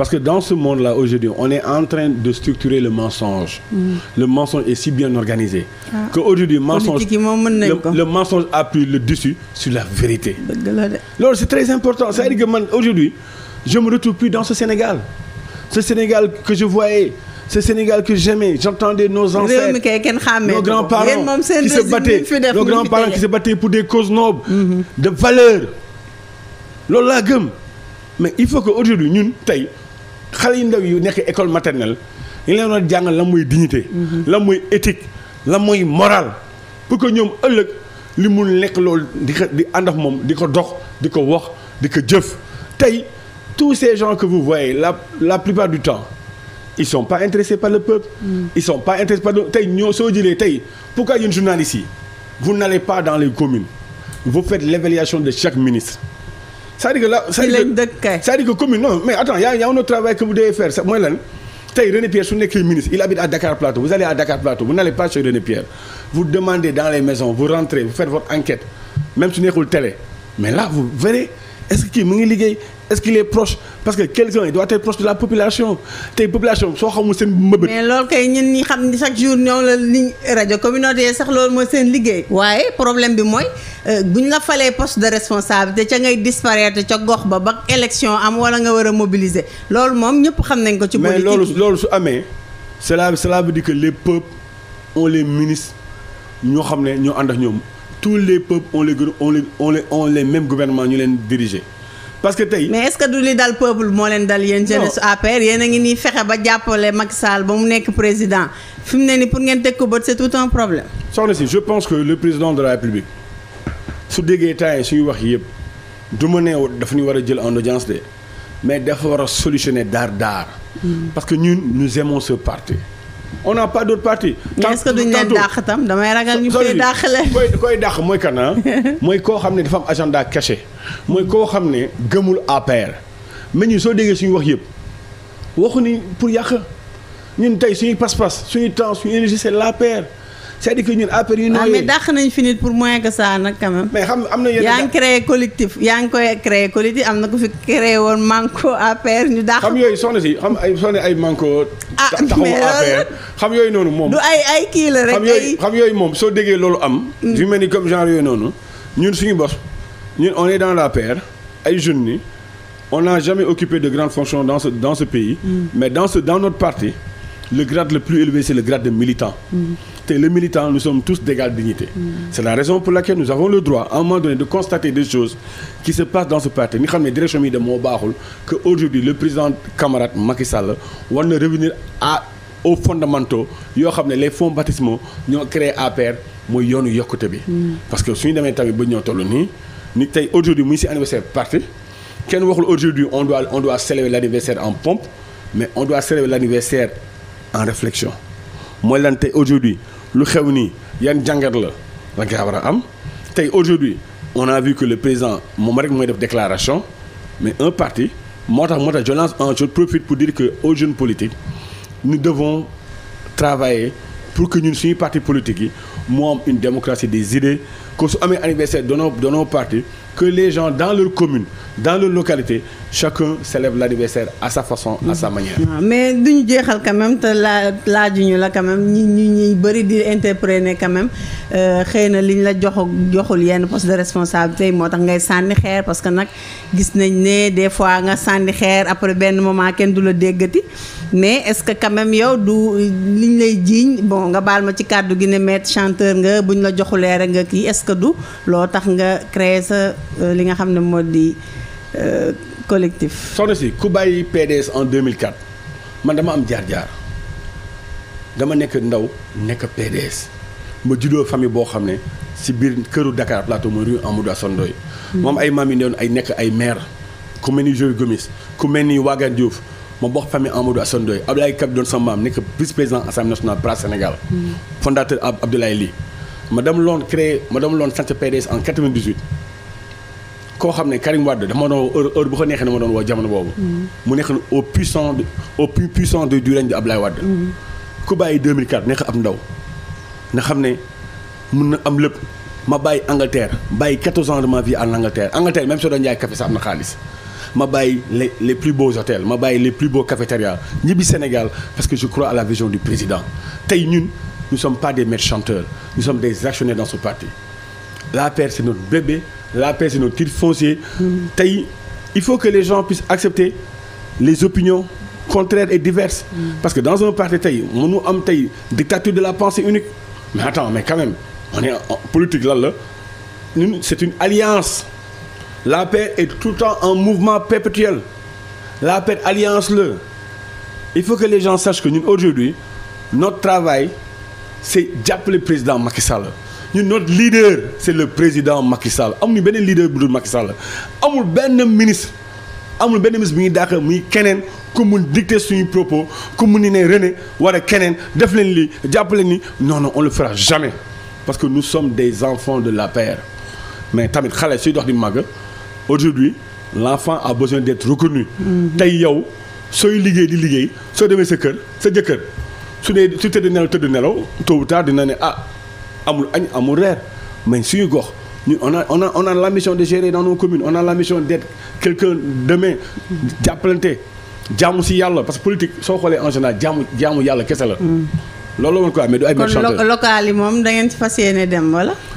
Parce que dans ce monde-là, aujourd'hui, on est en train de structurer le mensonge. Mmh. Le mensonge est si bien organisé ah. qu'aujourd'hui, le mensonge, le, le, mensonge a pris le dessus sur la vérité. Alors, c'est très important. Ça que aujourd'hui, je ne me retrouve plus dans ce Sénégal. Ce Sénégal que je voyais ce Sénégal que j'aimais. J'entendais nos ancêtres, nos grands-parents qui se battaient, pour des causes nobles, mm -hmm. de valeur. Lola Mais il faut qu'aujourd'hui, nous, xale yu ndaw yu nekk école maternelle ñu leen war jàngal lan mooy dignité. Mhm. lan mooy éthique lan mooy morale pour que ñoom ëllëg li mu nekk loolu di ko di ànd ak moom di ko dox di ko wax di ko jëf tey tous ces gens que vous voyez la la plupart du temps ils sont pas intéressés par le peuple. Mm. ils sont pas intéressés par tey ñoo soo jëlee tey pourquoi yéen journalistes yi vous n'allez pas dans les communes vous faites l'évaluation de chaque ministre. c'est-à-dire que là c'est-à-dire que commune non mais attends y a, y a un autre faire mooy lan tey René Pierre su nekkee ministre il habite à Dakar Plateau vous allez à Dakar Plateau vous n'allez pas chez René Pierre vous demandez dans les maisons vous rentrez vous faites votre enquête même su nekkul télé mais là vous verrez est-ce mu ngi liggéey est-ce proche parce que quelqu'un il doit être proche de la population tey population soo xamul seen mbëbët. mais loolu kay ñun ñi xam ni chaque jour ñoom la ni rajo communautaire sax loolu mooy seen liggéey. waaye problème bi mooy euh, bu ñu la falee poste de responsabilité ca ngay disparaître ca gox ba ba élection am wala nga war a mobiliser loolu moom ñëpp xam nañ ko. ci politique mais loolu loolu su amee. cela cela veut dire que les peuples ont les ministres ñoo xam ne ñoo ànd ñoom. tous les peuples ont les ont les ont les, mêmes gouvernements ñu leen diriger parce que tey. mais est-ce que du li dal peuple moo leen dal yéen. jeunesse APR yéen a ngi nii fexe ba jàppale Macky Sall ba mu nekk président fi mu ne ni pour ngeen teg ko bët c'est tout un problème. soxna si je pense que le président de la République su déggee temps yi suñu wax yëpp du ma ne dafa ñu war a jël en audience de mais dafa war a solutionner daar daar. Mm. parce que ñun nous aimons ce parti. on n'a pas d'autre parti. tant que duñ leen tam damay ragal ñu koy dàq leen. koy dàq mooy kan ah. mooy koo xam ne dafa am agenda caché. mooy koo xam ne gëmul APR. mais ñun soo déggee suñu wax yëpp waxu ni pour yàq ñun tey suñuy pas-pas suñuy temps suñu énergie c'est l'APR. c'est-à-dire que ñun APR yu ah, nooyee. mais dàq nañ fi nit pour moins que ça am na yenn yaa ngi yaa ngi koy créé collectif am na ku fi créé woon manko APR ñu dàq. xam yooyu soxna si xam ay soxna ay manko. ah xam yooyu noonu moom. ay ay kii la rek yooyu moom soo déggee loolu am. Mm. yu mel ni comme genre yooyu noonu ñun suñu bos ñun on est dans l'APR ay jeunes ni on n'a jamais occupé de grandes fonctions dans ce pays. Mm. mais dans ce dans notre parti le grade le plus élevé c'est le grade de militant. Mm. te le militant, nous sommes tous dégal dignité. Mmh. C'est la raison pour laquelle nous avons le droit, à un moment donné, de constater des choses qui se passent dans ce parti. Nous savons direction de moo baaxul que aujourd'hui le président camarade Macky Sall war na revenir au aux fondamentaux yoo xam ne les fonds baptismaux ñoo créé APR mooy yoonu yokkute bi. Mm. parce que suñu demee tamit ba ñoo toll nii ni tey aujourd'hui mu ngi si anniversaire parti kenn waxul aujourd'hui on doit on doit célébrer en pompe mais on doit célébrer l'anniversaire en réflexion. mooy lan tey aujourd'hui lu xew nii yan jàngat la da nga war a am tey aujourd'hui on a vu que le président moom rek mooy def déclaration mais un parti moo tax moo tax en je profite pour dire que aux jeunes politiques nous devons travailler pour que ñun suñu parti politique yi mu am une démocratie des idées que su amee anniversaire de nos de nos partis que les gens dans leur commune dans leur localité chacun célèbre l'anniversaire à sa façon à sa manière. waaw ah, mais duñu jeexal quand te laa laajuñu la quand même ñi ñi ñuy bëri di interpréter quand même euh, xëy na liñ la jox joxul yenn poste de responsabilité yi moo tax ngay sànni xeer parce que nag gis nañ ne des fois nga sànni xeer après benn moment kenn du la déggati mais est-ce que quand yow du liñ lay jiiñ bon nga baal ma ci kàddu gi ne maître chanteur nga buñ la joxulee rek Euh, li nga xam ne moo di euh, collectif. soxna si ku bàyyi PDS en mille 2004 man dama am jaar-jaar dama nekk ndaw nekk PDS ma juddoo famille boo xam ne si biir këru Dakar plateau mooy rue Amadou Assane Ndoye hmm. moom ay maam yi ndoon ay nekk ay maire ku mel ni Joël Gomis ku mel ni Wagane Diouf ma bokk famille Amadou Assane Ndoye Kab doon sama maam nekk vice président assemblée nationale PRA Sénégal. Hmm. fondateur Abdoulaye Ly ma dem loon créé ma dem loon sant PDS en 98. koo xam ne Karim Wade dama doon heure heure bu ko neexee dama doon woo jamono boobu. Mm-hmm. mu nekk au puissant au plus puissant de du règne de Ablaye Wade. Mm-hmm. ku bàyyi 2004 nekk ab ndaw nga xam ne mun na am lépp ma bàyyi Angleterre bàyyi 14 ans de ma vie en Angleterre Angleterre même soo doon jaay café sax am na xaalis. ma bàyyi les le plus beaux hôtels ma bàyyi les plus beaux cafétérias ñibbi Sénégal parce que je crois à la vision du président tey ñun nous sommes pas des maîtres des actionnaires dans ce parti l'APR c'est notre bébé. la paix c'est notre titre foncier tey il faut que les gens puissent accepter les opinions contraires et diverses parce que dans un parti tey mënu am tey dictature de la pensée unique mais attends mais quand même on est en politique lan la ñun c'est une alliance la paix est tout le temps un mouvement perpétuel la paix alliance le il faut que les gens sachent que ñun aujourd'hui notre travail c'est jàppale président Macky ñun notre leader c'est le président Macky Sall amuñu beneen leader bu dul Macky Sall amul benn ministre amul benn ministre bu ñuy dàq muy keneen ku mun dicter suñu propos ku mun ni ne René war a keneen def leen li jàpp leen ni non non on le fera jamais parce que nous sommes des enfants de la paix mais tamit xale suy dox di màgg aujourd'hui l'enfant a besoin d'être reconnu mhm. tey yow sooy liggéey di liggéey soo demee sa kër sa jëkkër su dee su tëdd nelaw tëdd nelaw tôt dina ne ah amul añ amul reer mais suñu gox ñu on a on a on a la mission de gérer dans nos communes on a la mission d'être quelqu'un demain jàppalante jaamu si yàlla parce que politique soo xoolee en général jaamu jaamu yàlla kese la. Mm. loolu la woon quoi mais moom da ngeen ci fas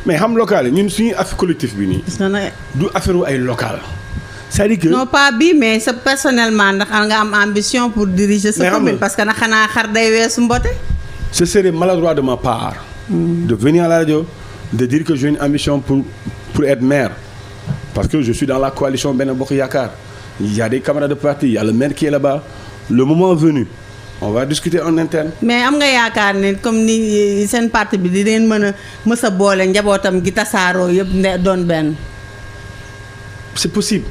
mais xam local yi ñun suñu affaire collectif bi nii. du affaire ay local. c'est-à-dire que non bi mais sa personnellement ndax nga am ambition pour diriger sa commune. parce que na xanaa xar day weesu mbote. ce serait maladroit de de venir à la radio, de dire que j'ai une ambition pour, pour être maire. Parce que je suis dans la coalition Benabok bokk yaakaar y a des de parti, il y a le maire qui est là-bas. Le moment venu, on va discuter en interne. mais am nga yaakaar ne comme ni seen parti bi di leen mën a mës a boole njabootam gi tasaaroo yëpp ne doon benn. c'est possible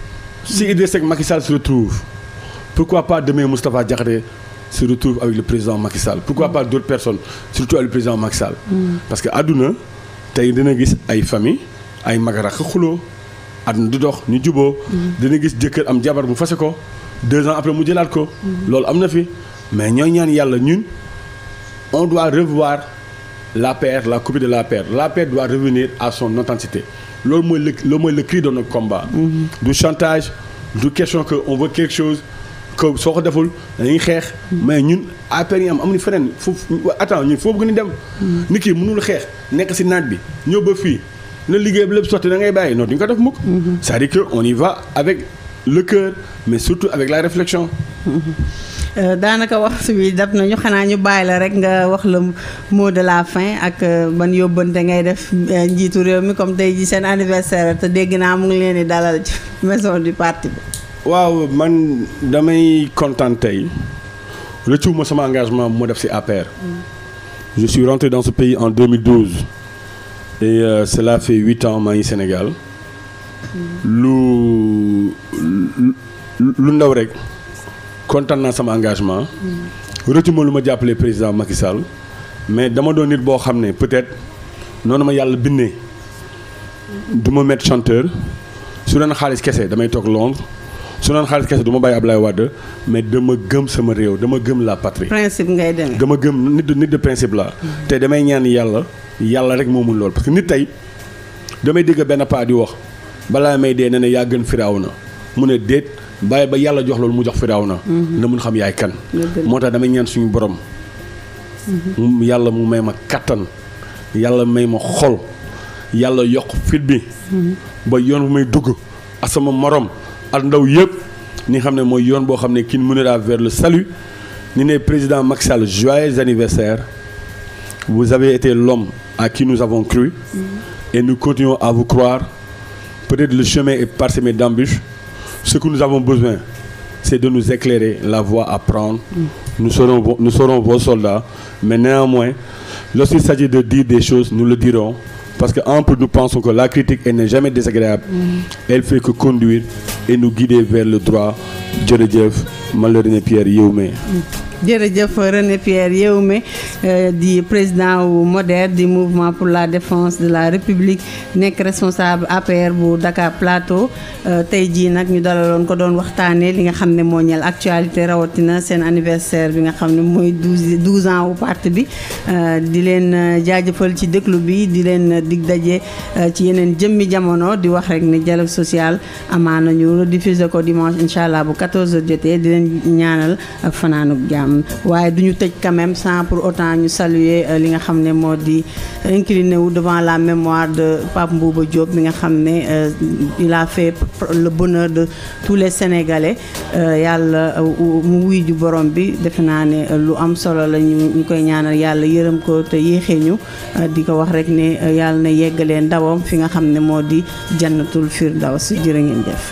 si Idrissa Seck Macky Sall se retrouve pourquoi pas demain Moustapha Diakhaté se retrouvent avec le président Macky Sall pourquoi pas d'autres personnes surtout avec le président Macky mm. parce que àdduna tey dina gis ay famille ay magarak xuloo àdduna di dox ñu juboo mm. dina gis jëkkër am jabar bu fase ko deux ans après mu jëlaat ko mm. loolu am na fi mais ñoo ñaan yàlla ñun on doit revoir l'APR la copie de l'APR l'APR doit revenir à son authenticité loolu mooy le loolu mooy le cri de notre combat mm-hmm. du chantage du question que on veut ko soo ko deful dañuy xeex mais ñun APR yi am amuñu feneen foofu attends ñun foo bëgg ni dem nit ki mënul xeex nekk si naat bi ñëw ba fii na liggéey bi lépp sotti da ngay bàyyi non duñ ko def mukk mhm. c'est-à-dire que on y surtout avec la réflexion euh, daanaka waxtu bi dab nañu xanaa ñu bàyyi la rek nga wax la mot de la fin ak euh, ban yóbbante ngay def euh, njiitu réew mi comme tey ji seen anniversaire te dégg naa mu ngi leen di dalal ci maison du parti bi waaw man damay kontaan tey rëccuwuma sama engagement bu ma def ci APR. Mm. je suis rentré dans ce pays en 2012. et euh, cela huit ans maa ngi Sénégal. Mm. lu lu ndaw rek kontaan naa sama engagement. Mm. rëccuma lu ma jàppale président Macky Sall. mais dama doon nit boo xam ne peut-être noonu ma yàlla bindee. du ma chanteur. su doon xaalis kese damay toog Londres. su naan xaalis kese du ma bàyyi Ablaye Wade mais dama gëm sama réew dama gëm la patrie. principe ngay demee dama gëm nit de nit de principe la te damay ñaan yàlla yàlla rek moo mun lool parce que nit tey damay dégg benn paa di wax balaa may dee ne ne yaa gën firaaw na mu ne déet bàyyi ba yàlla jox loolu mu jox firaaw na. Mhm. na mun xam yaay kan. moo tax damay ñaan suñu borom. Mhm. yàlla mu may ma kattan yàlla may ma xol yàlla yokk fit bi. Mhm. ba yoon bu may dugg ak sama morom. ak ndaw yëpp ni xam ne mooy yoon boo xam ne qui nous mènera vers le salut ni ne président Macky Sall joyeux anniversaire vous avez été l'homme à qui nous avons cru mm-hmm. et nous continuons à vous croire peut-être le chemin est parsemé d'embûches ce que nous avons besoin c'est de nous éclairer la voie à prendre mm. nous serons nous serons vos soldats mais néanmoins lorsqu'il s'agit de dire des choses nous le dirons Parce qu'en plus, nous pensons que la critique, elle n'est jamais désagréable. Mm. Elle fait que conduire et nous guider vers le droit. Jërëjëf, Pierre Yéoumé. Mm. jërëjëf René Pierre Yéhoume euh, di président wu MODER di mouvement pour la défense de la république nekk responsable APR bu Dakar Plateau euh, tey jii nag ñu dalaloon ko doon waxtaanee li nga xam ne moo ñeel actualité rawatina seen anniversaire bi nga xam ne mooy douze douze ans wu parti bi euh, di leen jaajëfal ci déglu bi di leen dig daje ci yeneen jëmmi jamono di wax rek ne dialogue social amaan nañu rediffuser ko dimanche incha allah bu 14h jotee di leen ñaanal fanaanuk jàmm am waaye du ñu tëj quand même sans pour autant ñu saluer euh, li nga xam ne moo di incliné wu devant la mémoire de Pape Mbouba Diop mi nga xam ne euh, il a fait le de tous les Sénégalais euh, yàlla mu wuy ju borom bi defe naa ne lu am solo la ñu ñu koy ñaanal yàlla yërëm ko te yéexee ñu di ko wax rek ne yàlla na yeggalee ndawam fi nga xam ne moo di jannatul firdaws jërë ngeen jëf